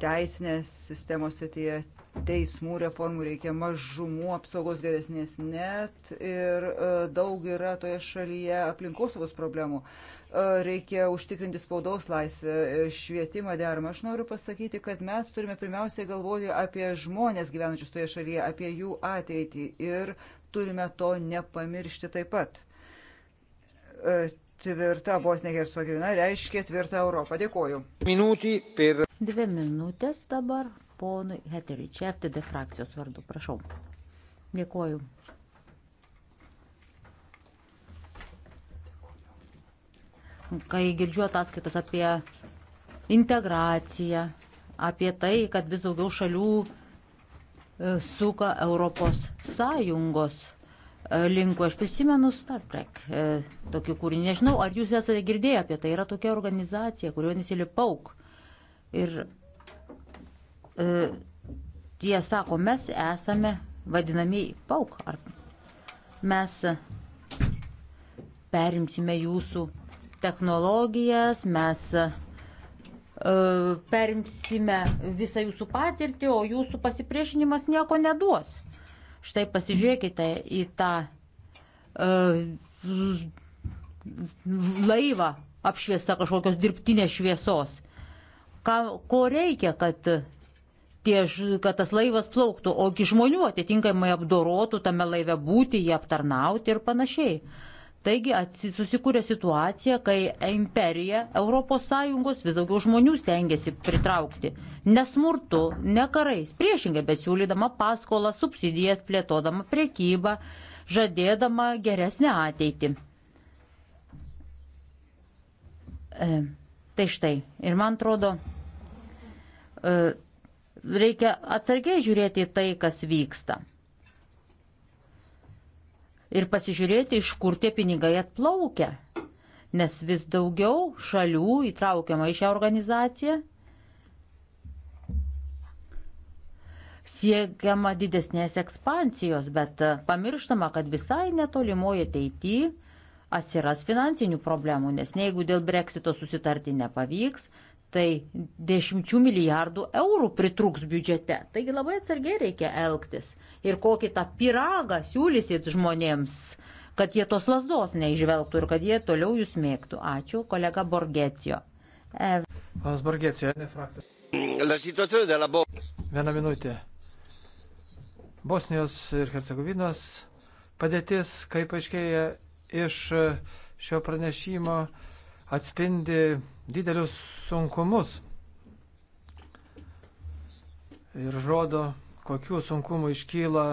teisinės sistemos atėje teismų reformų, reikia mažumų apsaugos geresnės net ir e, daug yra toje šalyje aplinkosaugos problemų. E, reikia užtikrinti spaudos laisvę, e, švietimą deramą. Aš noriu pasakyti, kad mes turime pirmiausiai galvoti apie žmonės gyvenančius toje šalyje, apie jų ateitį ir turime to nepamiršti taip pat. Tvirta Bosnija Hercegovina reiškia tvirtą Europą. Dėkoju. Per... Dvi minutės dabar ponui Heteriui. Čia FTD frakcijos vardu. Prašau. Dėkoju. Kai girdžiu ataskaitas apie integraciją, apie tai, kad vis daugiau šalių e, suka Europos Sąjungos e, linko. Aš prisimenu Star Trek e, tokį kūrinį. Nežinau, ar jūs esate girdėję apie tai. Yra tokia organizacija, kurio nesilipauk. Ir E, jie sako, mes esame vadinami pauk. Ar mes perimsime jūsų technologijas, mes e, perimsime visą jūsų patirtį, o jūsų pasipriešinimas nieko neduos. Štai pasižiūrėkite į tą uh, laivą apšviesta kažkokios dirbtinės šviesos. Ka, ko reikia, kad tie, kad tas laivas plauktų, o iki žmonių atitinkamai apdorotų tame laive būti, jį aptarnauti ir panašiai. Taigi susikūrė situacija, kai imperija ES vis daugiau žmonių stengiasi pritraukti. Nesmurtu, ne karais, priešingai, bet siūlydama paskolą, subsidijas, plėtodama priekybą, žadėdama geresnę ateitį. E, tai štai. Ir man atrodo, e, reikia atsargiai žiūrėti į tai, kas vyksta. Ir pasižiūrėti, iš kur tie pinigai atplaukia. Nes vis daugiau šalių įtraukiama į šią organizaciją. Siekiama didesnės ekspansijos, bet pamirštama, kad visai netolimoje ateityje atsiras finansinių problemų, nes jeigu dėl breksito susitarti nepavyks, tai dešimčių milijardų eurų pritruks biudžete. Taigi labai atsargiai reikia elgtis. Ir kokį tą piragą siūlysit žmonėms, kad jie tos lasdos neižvelgtų ir kad jie toliau jūs mėgtų. Ačiū, kolega Borgecijo. E... Borgecijo, ne frakcija. Vieną minutę. Bosnijos ir Hercegovinos padėtis, kaip aiškėja iš šio pranešimo, atspindi didelius sunkumus ir rodo, kokių sunkumų iškyla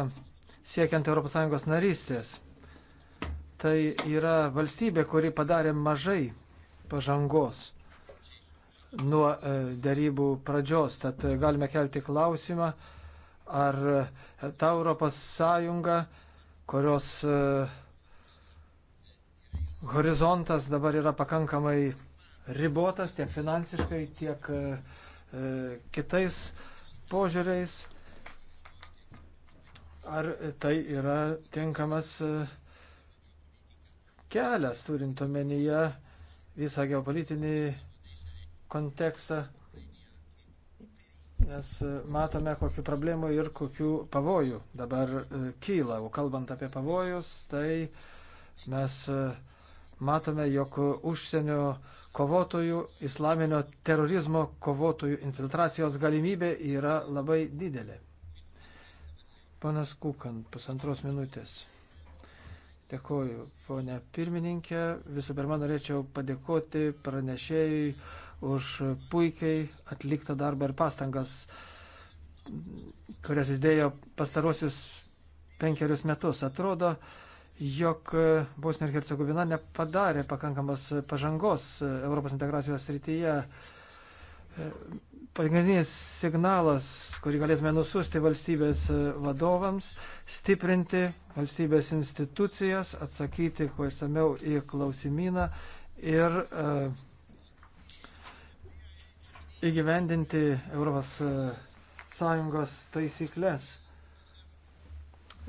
siekiant ES narystės. Tai yra valstybė, kuri padarė mažai pažangos nuo e, darybų pradžios. Tad galime kelti klausimą, ar e, ta Europos Sąjunga, kurios e, horizontas dabar yra pakankamai ribotas tiek finansiškai, tiek e, e, kitais požiūriais. Ar tai yra tinkamas e, kelias, turint omenyje visą geopolitinį kontekstą, nes e, matome, kokiu problemu ir kokiu pavoju dabar kyla. O kalbant apie pavojus, tai mes e, matome, jog užsienio kovotojų, islaminio terorizmo kovotojų infiltracijos galimybė yra labai didelė. Panas Kukan, pusantros minutės. Dėkoju, ponė pirmininkė. Visų pirma, norėčiau padėkoti pranešėjui už puikiai atliktą darbą ir pastangas, kurias jis dėjo pastarosius penkerius metus. Atrodo, uh, jog e, Bosnija ir Hercegovina nepadarė pakankamos pažangos e, Europos integracijos rytyje. E, pagrindinis signalas, kurį galėtume nusiųsti valstybės vadovams, stiprinti valstybės institucijas, atsakyti kuo įsameu į klausimyną ir uh, įgyvendinti Europos Sąjungos taisyklės.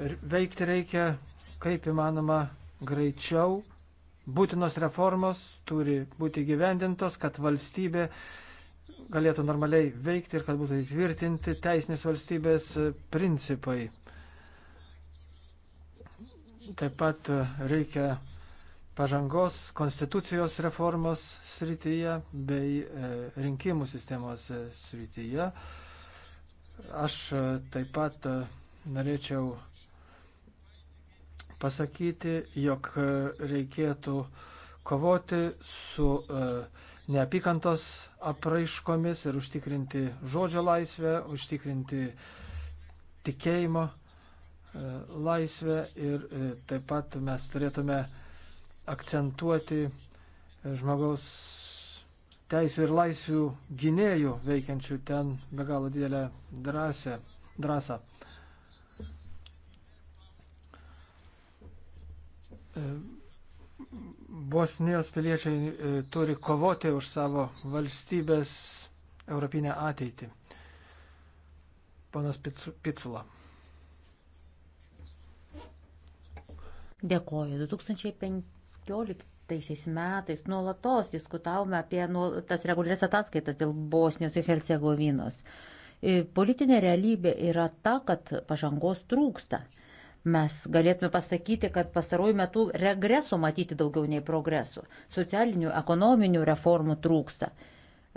Ir veikti reikia kaip įmanoma greičiau. Būtinos reformos turi būti gyvendintos, kad valstybė galėtų normaliai veikti ir kad būtų įtvirtinti teisinės valstybės principai. Taip pat reikia pažangos konstitucijos reformos srityje bei e, rinkimų sistemos e, srityje. Aš e, taip pat norėčiau pasakyti, jog e, reikėtų kovoti su e, neapykantos apraiškomis ir užtikrinti žodžio laisvę, užtikrinti tikėjimo e, laisvę ir taip pat mes turėtume akcentuoti žmogaus teisų ir laisvių gynėjų veikiančių ten be galo didelę drąsę, drąsą. Bosnijos piliečiai e, turi kovoti už savo valstybės europinę ateitį. Panas Picula. Dėkoju. 2015 metais nuolatos diskutavome apie nu, tas reguliarias ataskaitas dėl Bosnijos ir Hercegovinos. E, politinė realybė yra ta, kad pažangos trūksta. Mes galėtume pasakyti, kad pastarųjų metų regreso matyti daugiau nei progresų. Socialinių, ekonominių reformų trūksta.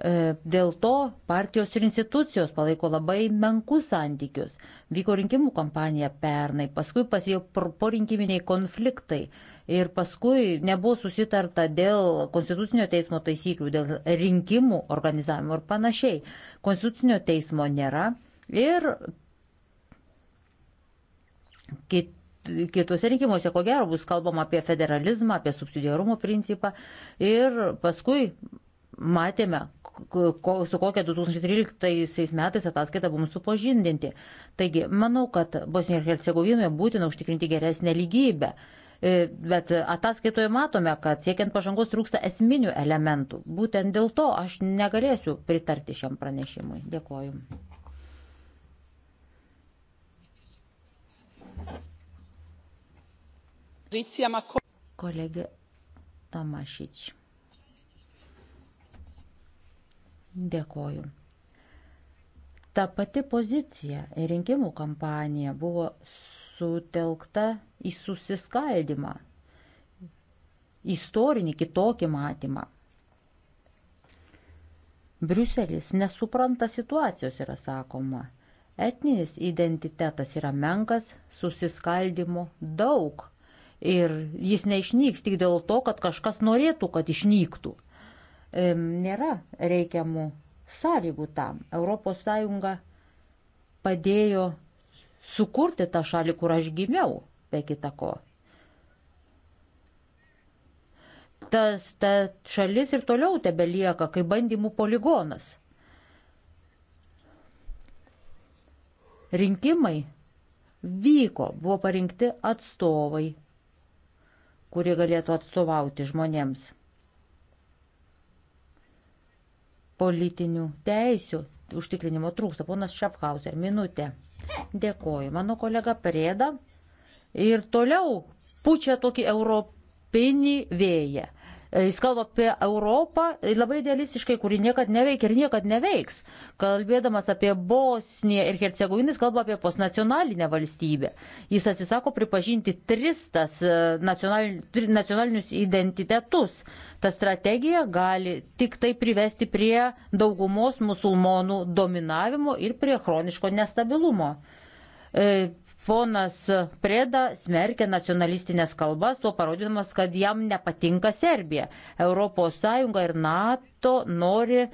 E, dėl to partijos ir institucijos palaiko labai menkus santykius. Vyko rinkimų kampanija pernai, paskui pasijau porinkiminiai konfliktai ir paskui nebuvo susitarta dėl Konstitucinio teismo taisyklių, dėl rinkimų organizavimo ir panašiai. Konstitucinio teismo nėra ir Kit Kituose rinkimuose, ko gero, bus kalbama apie federalizmą, apie subsidiarumo principą ir paskui matėme, ko, su kokia 2013 metais ataskaita mums supažindinti. Taigi, manau, kad Bosnijoje ir Hercegovinoje būtina užtikrinti geresnę lygybę. E, bet ataskaitoje matome, kad siekiant pažangos trūksta esminių elementų. Būtent dėl to aš negalėsiu pritarti šiam pranešimui. Dėkoju. Kolegė Tomašič. Dėkoju. Ta pati pozicija rinkimų kampanija buvo sutelkta į susiskaldimą, istorinį kitokį matymą. Briuselis nesupranta situacijos, yra sakoma. Etninis identitetas yra menkas, susiskaldimo daug. Ir jis neišnyks tik dėl to, kad kažkas norėtų, kad išnyktų. Nėra reikiamų sąlygų tam. ES padėjo sukurti tą šalį, kur aš gimiau, be kita ko. Tas ta šalis ir toliau tebe lieka kaip bandymų poligonas. Rinkimai vyko, buvo parinkti atstovai kuri galėtų atstovauti žmonėms. Politinių teisių užtikrinimo trūksta. Ponas Šafhauser, minutė. Dėkoju. Mano kolega Prėda ir toliau pučia tokį europinį vėją. E, jis kalba apie Europą e, labai idealistiškai, kuri niekad neveikia ir niekad neveiks. Kalbėdamas apie Bosniją ir Hercegoviną, jis kalba apie postnacionalinę valstybę. Jis atsisako pripažinti tris tas e, nacionalinius identitetus. Ta strategija gali tik tai privesti prie daugumos musulmonų dominavimo ir prie chroniško nestabilumo. E, ponas Preda smerkia nacionalistinės kalbas, tuo parodydamas, kad jam nepatinka Serbija. ES ir NATO nori e,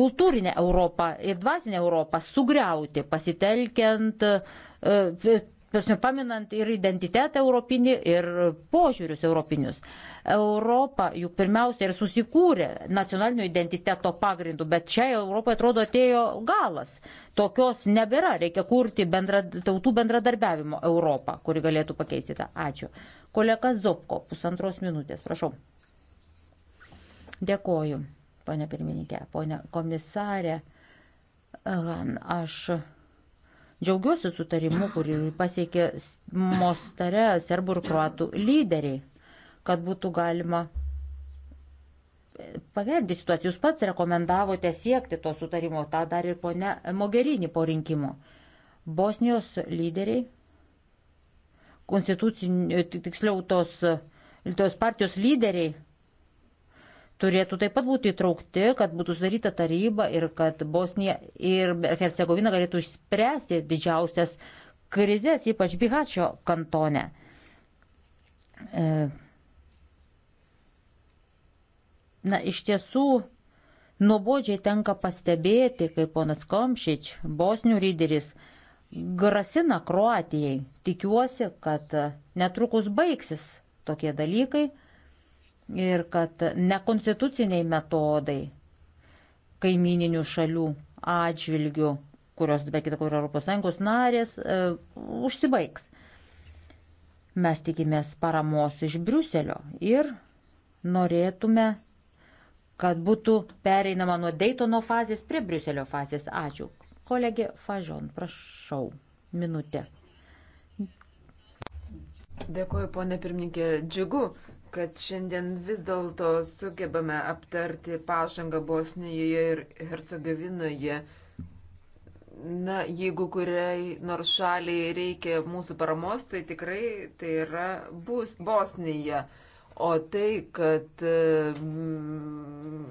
kultūrinę Europą ir dvasinę Europą sugriauti, pasitelkiant e, prasme, paminant ir identitetą europinį, ir požiūrius europinius. Europa juk pirmiausia ir susikūrė nacionalinio identiteto pagrindų, bet čia Europoje atrodo atėjo galas. Tokios nebėra, reikia kurti bendra, tautų bendradarbiavimo Europą, kuri galėtų pakeisti tą. Ačiū. Kolega Zopko, pusantros minutės, prašau. Dėkoju, ponė pirmininkė, ponė komisarė. Aš Džiaugiuosi sutarimu, kurį pasiekė Mostare serbų ir kruatų lyderiai, kad būtų galima e, pagerinti situaciją. Jūs pats rekomendavote siekti to sutarimo, tą dar ir ponia Mogerinį po rinkimų. Bosnijos lyderiai, konstitucinių, tiksliau tos, tos partijos lyderiai turėtų taip pat būti įtraukti, kad būtų sudaryta taryba ir kad Bosnija ir Hercegovina galėtų išspręsti didžiausias krizės, ypač Bihačio kantone. E, na, iš tiesų, nuobodžiai tenka pastebėti, kaip ponas Komšič, bosnių lyderis, grasina Kroatijai. Tikiuosi, kad netrukus baigsis tokie dalykai ir kad nekonstituciniai metodai kaimininių šalių atžvilgių, kurios be kita kur ES narės, e, užsibaigs. Mes tikimės paramos iš Briuselio ir norėtume, kad būtų pereinama nuo Daytono fazės prie Briuselio fazės. Ačiū. Kolegė Fažon, prašau, minutė. Dėkuoju, ponė pirmininkė. Džiugu, kad šiandien vis dėlto sugebame aptarti pažangą Bosnijoje ir Hercegovinoje. Na, jeigu kuriai nors šaliai reikia mūsų paramos, tai tikrai tai yra bus Bosnija. O tai, kad mm,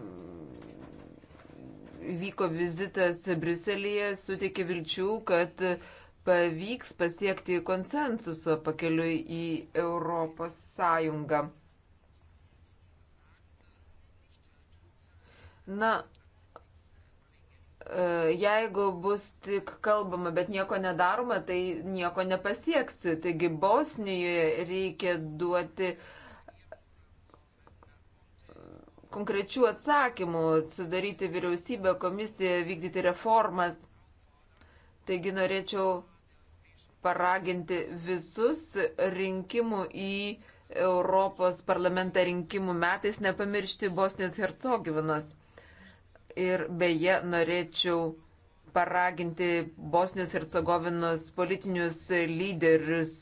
vyko vizitas Briuselėje, suteikė vilčių, kad pavyks pasiekti konsensuso pakeliui į Europos Sąjungą. Na, e, jeigu bus tik kalbama, bet nieko nedaroma, tai nieko nepasieksi. Taigi Bosnijoje reikia duoti e, konkrečių atsakymų, sudaryti vyriausybę, komisiją, vykdyti reformas. Taigi norėčiau paraginti visus rinkimų į Europos parlamentą rinkimų metais nepamiršti Bosnijos Hercogivinos. Ir beje, norėčiau paraginti Bosnijos ir Cegovinos politinius lyderius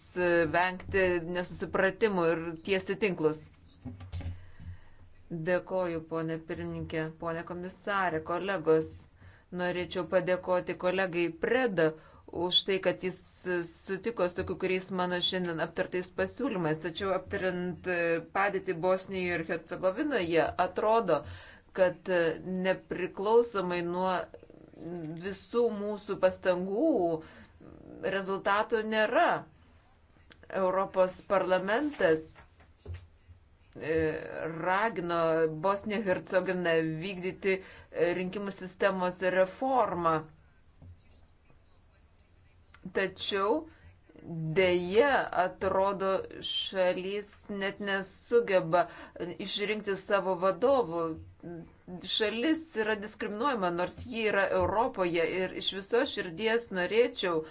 vengti nesusipratimų ir tiesti tinklus. Dėkoju, ponė pirmininkė, ponė komisarė, kolegos. Norėčiau padėkoti kolegai Preda už tai, kad jis sutiko su kuriais mano šiandien aptartais pasiūlymais. Tačiau aptarint padėtį Bosnijoje ir Hercegovinoje, atrodo, kad kad e, nepriklausomai nuo visų mūsų pastangų rezultato nėra. Europos parlamentas e, ragino Bosniją Hercegoviną vykdyti e, rinkimų sistemos reformą. Tačiau Deja, atrodo, šalis net nesugeba išrinkti savo vadovų. Šalis yra diskriminuojama, nors ji yra Europoje ir iš viso širdies norėčiau,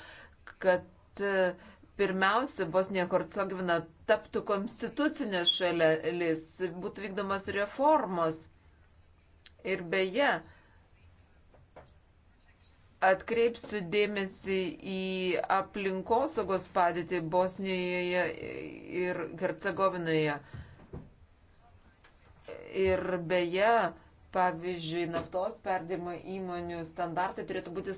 kad e, pirmiausia, Bosnija Hercegovina taptų konstitucinė šalis, būtų vykdomas reformos. Ir beje, atkreipsiu dėmesį į aplinkosaugos padėtį Bosnijoje ir Hercegovinoje. Ir beje, pavyzdžiui, naftos perdimo įmonių standartai turėtų būti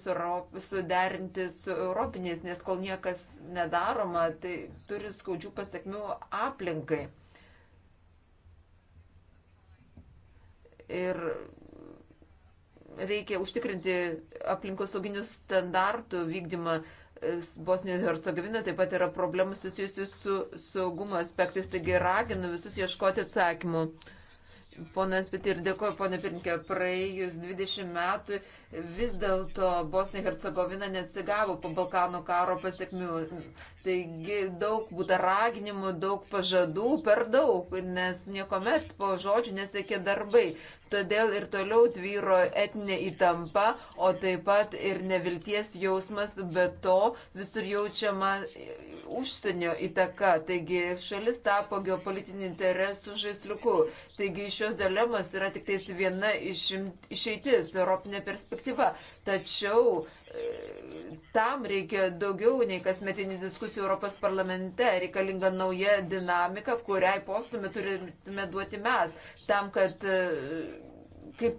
suderinti su europiniais, nes kol niekas nedaroma, tai turi skaudžių pasiekmių aplinkai. Ir reikia užtikrinti aplinkosauginių standartų vykdymą. Bosnijoje ir Hercegovinoje taip pat yra problemų susijusių su saugumo aspektais, taigi raginu visus ieškoti atsakymų. Ponas Petir, dėkoju, ponė Pirinkė, praėjus 20 metų Vis dėlto Bosnija Hercegovina neatsigavo po Balkanų karo pasiekmių. Taigi daug būtų raginimų, daug pažadų, per daug, nes niekuomet po žodžių nesiekė darbai. Todėl ir toliau tvyro etinė įtampa, o taip pat ir nevilties jausmas, bet to visur jaučiama užsienio įtaka. Taigi šalis tapo geopolitinių interesų žaisliuku. Taigi iš šios dilemos yra tik viena išim, išeitis - Europinė perspektyva perspektyva. Tačiau e, tam reikia daugiau nei kasmetinių diskusijų Europos parlamente, reikalinga nauja dinamika, kuriai postumį turime duoti mes, tam, kad e, kaip,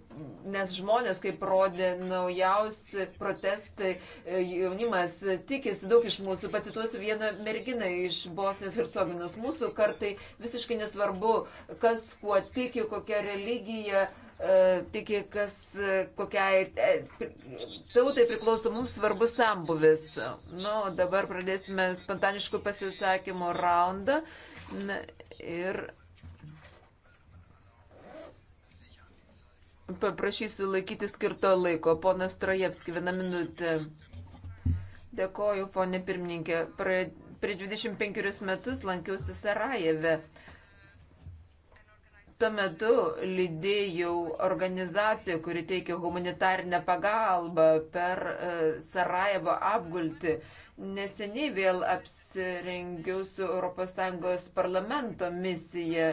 nes žmonės, kaip rodė naujausi protestai, e, jaunimas tikisi daug iš mūsų. Pacituosiu vieną merginą iš Bosnijos ir Covinos. Mūsų kartai visiškai nesvarbu, kas kuo tiki, kokia religija, E, tiki, kas e, kokiai e, tautai priklauso mums svarbus sambuvis. Nu, dabar pradėsime spontaniškų pasisakymų raundą. Na, ir paprašysiu laikyti skirto laiko. Ponas Trojevski, vieną minutę. Dėkoju, ponė pirmininkė. Prieš 25 metus lankiausi Sarajeve. Tuo metu lydėjau organizaciją, kuri teikia humanitarinę pagalbą per e, Sarajevo apgulti. Neseniai vėl apsirengiau su ES parlamento misija,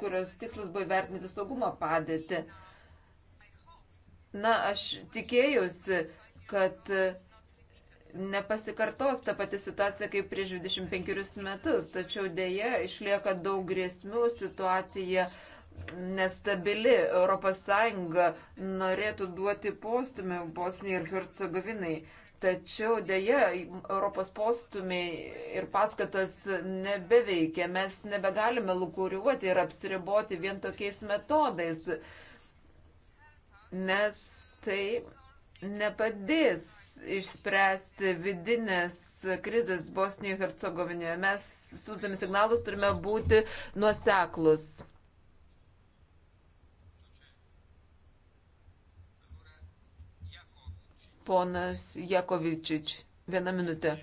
kurios tikslas buvo vertinti saugumo padėtį. Na, aš tikėjausi, kad uh, nepasikartos ta pati situacija kaip prieš 25 metus, tačiau dėja išlieka daug grėsmių situacija nestabili. ES norėtų duoti postumį Bosnijai ir Hercegovinai. Tačiau dėja, Europos postumiai ir paskatos nebeveikia. Mes nebegalime lukuriuoti ir apsiriboti vien tokiais metodais, nes tai nepadės išspręsti vidinės krizės Bosnijoje ir Hercegovinoje. Mes, siūsdami signalus, turime būti nuoseklus. Ponas Jakovičič, vieną minutę.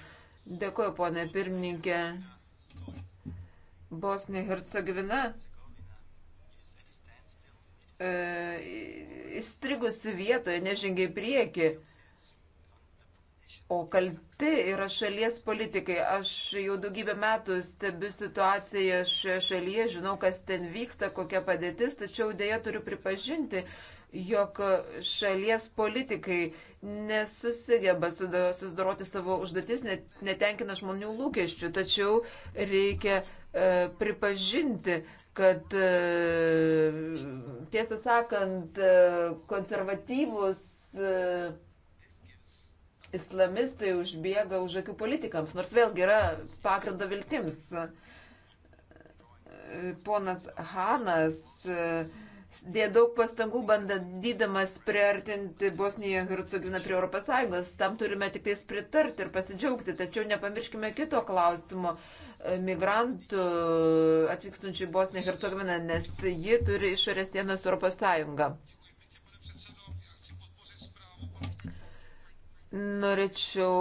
Dėkuoju, ponė pirmininkė. Bosnija Hercegovina E, įstrigusi vietoje, nežengia į priekį. O kalti yra šalies politikai. Aš jau daugybę metų stebiu situaciją šioje šalyje, žinau, kas ten vyksta, kokia padėtis, tačiau dėja turiu pripažinti, jog šalies politikai nesusigeba susidoroti savo užduotis, net, netenkina žmonių lūkesčių, tačiau reikia e, pripažinti, kad e, tiesą sakant, e, konservatyvus e, islamistai užbėga už akių politikams, nors vėlgi yra pagrindo viltims. Ponas Hanas dėjo daug pastangų bandydamas priartinti Bosniją ir Hercegoviną prie ES. Tam turime tik tais pritarti ir pasidžiaugti, tačiau nepamirškime kito klausimo. Uh, migrantų atvykstančių į Bosnę Hercegoviną, nes ji turi išorės sieną su Europos Sąjunga. Norėčiau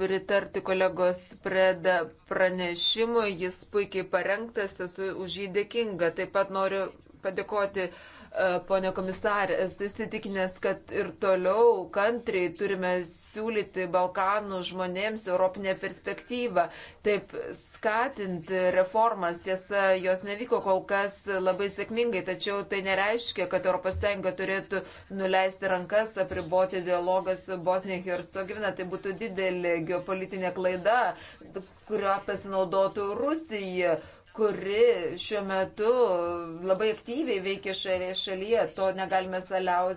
pritarti kolegos Preda pranešimui, jis puikiai parengtas, esu už jį dėkinga. Taip pat noriu padėkoti uh, E, ponio komisarė, esu įsitikinęs, kad ir toliau kantriai turime siūlyti Balkanų žmonėms europinę perspektyvą, taip skatinti reformas. Tiesa, jos nevyko kol kas labai sėkmingai, tačiau tai nereiškia, kad ES turėtų nuleisti rankas, apriboti dialogą su Bosnija ir Hercegovina. Tai būtų didelė geopolitinė klaida, kurią pasinaudotų Rusija kuri šiuo metu labai aktyviai veikia šalyje, šalyje. to negalime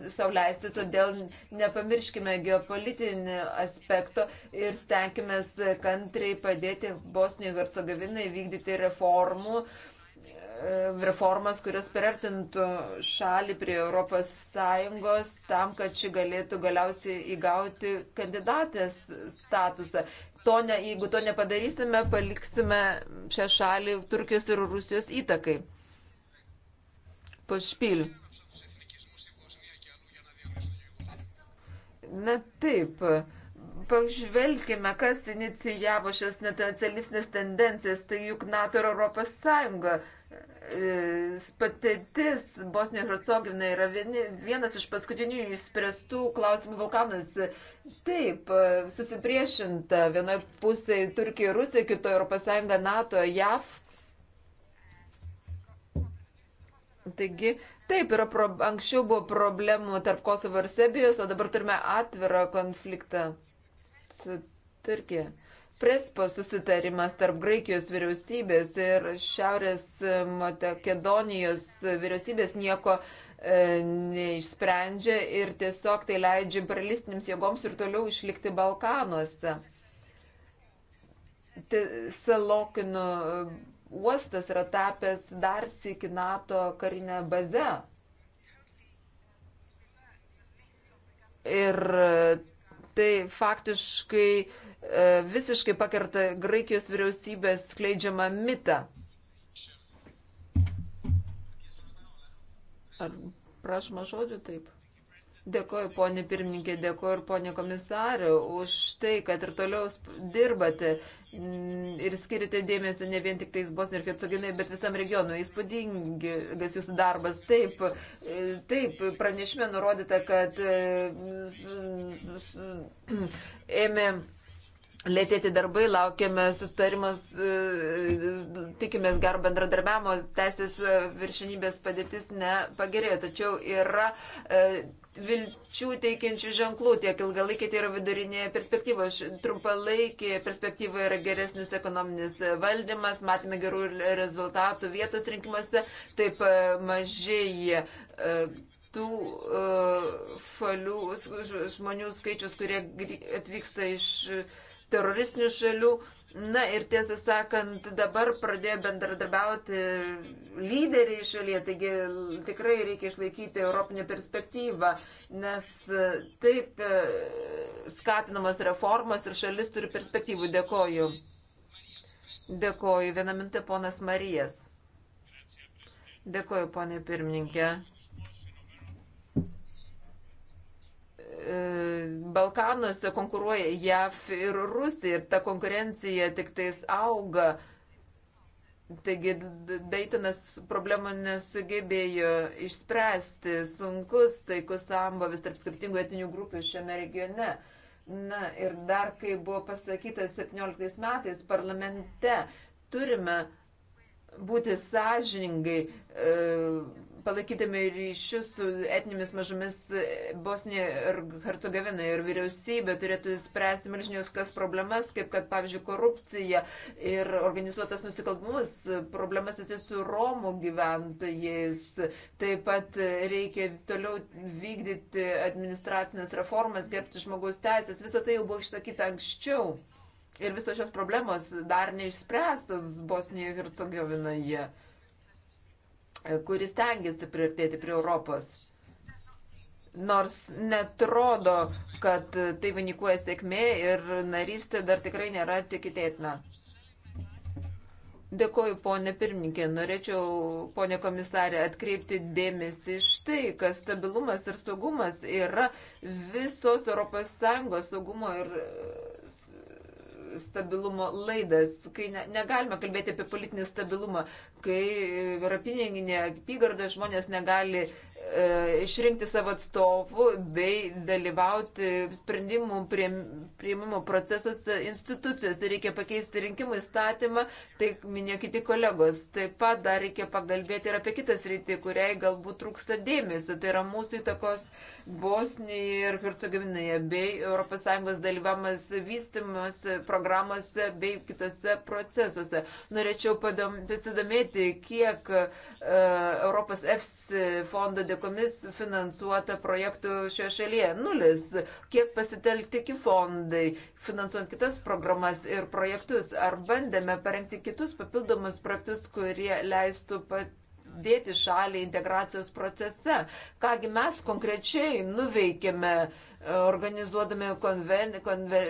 sauliaisti, todėl nepamirškime geopolitinio aspekto ir stenkime kantriai padėti Bosnijai ir Hercegovinai vykdyti reformų e, reformas, kurios perartintų šalį prie Europos Sąjungos tam, kad ši galėtų galiausiai įgauti kandidatės statusą to ne, jeigu to nepadarysime, paliksime šią šalį Turkijos ir Rusijos įtakai. Pašpil. Na taip, pažvelkime, kas inicijavo šias nacionalistinės tendencijas, tai juk NATO ir Europos Sąjunga patirtis Bosnijoje ir Hercegovina yra vieni, vienas iš paskutinių išspręstų klausimų Balkanas. Taip, susipriešinta vienoje pusėje Turkija ir Rusija, kitoje Europos Sąjunga, NATO, JAV. Taigi, taip, yra pro, anksčiau buvo problemų tarp Kosovo ir Sebijos, o dabar turime atvirą konfliktą su Turkija. Prespo susitarimas tarp Graikijos vyriausybės ir Šiaurės Makedonijos vyriausybės nieko e, neišsprendžia ir tiesiog tai leidžia imperialistinėms jėgoms ir toliau išlikti Balkanuose. Salokino e, uostas yra tapęs dar sėki NATO karinę bazę. Ir tai faktiškai e, visiškai pakerta Graikijos vyriausybės skleidžiamą mitą. Ar prašoma žodžio taip? Dėkoju, ponė pirmininkė, dėkoju ir ponė komisarė už tai, kad ir toliau dirbate Mm, ir skirite dėmesio ne vien tik tais Bosnijai ir Hercegovinai, bet visam regionui. Įspūdingas jūsų darbas. Taip, e, taip, pranešime nurodyta, kad e, ėmė. Mm, Lėtėti darbai, laukiame sustarimus, e, e, tikimės gerų bendradarbiavimo, teisės e, viršinybės padėtis nepagerėjo, tačiau yra vilčių teikiančių ženklų tiek ilgalaikėje, tiek vidurinėje perspektyvoje. Trumpalaikėje perspektyvoje yra geresnis ekonominis valdymas, matėme gerų rezultatų vietos rinkimuose, taip mažėja tų uh, falių, žmonių skaičius, kurie atvyksta iš uh, teroristinių šalių. Na ir tiesą sakant, dabar pradėjo bendradarbiauti lyderiai šalyje, taigi tikrai reikia išlaikyti europinę perspektyvą, nes taip e, skatinamas reformas ir šalis turi perspektyvų. Dėkoju. Dėkoju. Vieną mintę ponas Marijas. Dėkoju, ponė pirmininkė. E, Balkanuose konkuruoja JAV ir Rusija ir ta konkurencija tik tais auga. Taigi Daitinas problemą nesugebėjo išspręsti, sunkus taikus sambovis tarp skirtingų etinių grupių šiame regione. Na ir dar, kai buvo pasakyta 17 metais parlamente, turime būti sąžiningai e, palaikydami ryšius su etinėmis mažomis e, Bosnijoje ir Hercegovinoje ir vyriausybė turėtų spręsti milžiniškas problemas, kaip kad, pavyzdžiui, korupcija ir organizuotas nusikaltimus, problemas susijusios su Romų gyventojais. Taip pat reikia toliau vykdyti administracinės reformas, gerbti žmogaus teisės. Visą tai jau buvo išsakyta anksčiau. Ir visos šios problemos dar neišspręstos Bosnijoje ir Hercegovinoje. Yeah kuris tengiasi priartėti prie Europos. Nors netrodo, kad tai vainikuoja sėkmė ir narystė dar tikrai nėra tikėtina. Dėkoju, ponė pirmininkė. Norėčiau, ponė komisarė, atkreipti dėmesį iš tai, kad stabilumas ir saugumas yra visos ES saugumo ir stabilumo laidas, kai ne, negalime kalbėti apie politinį stabilumą, kai e, yra piniginė apygarda, žmonės negali e, išrinkti savo atstovų bei dalyvauti sprendimų prieimimo procesuose institucijose. Reikia pakeisti rinkimų įstatymą, tai minėjo kiti kolegos. Taip pat dar reikia pagalbėti ir apie kitą sritį, kuriai galbūt trūksta dėmesio. Tai yra mūsų įtakos. E, Bosnijoje ir Hercegovinoje, bei ES dalyvavimas vystimas programuose bei kitose procesuose. Norėčiau pasidomėti, kiek uh, Europos EFS fondo dėkomis finansuota projektų šioje šalyje. Nulis. Kiek pasitelkti iki fondai, finansuojant kitas programas ir projektus. Ar bandėme parengti kitus papildomus projektus, kurie leistų pat padėti šaliai integracijos procese. Kągi mes konkrečiai nuveikėme organizuodami konven, konven,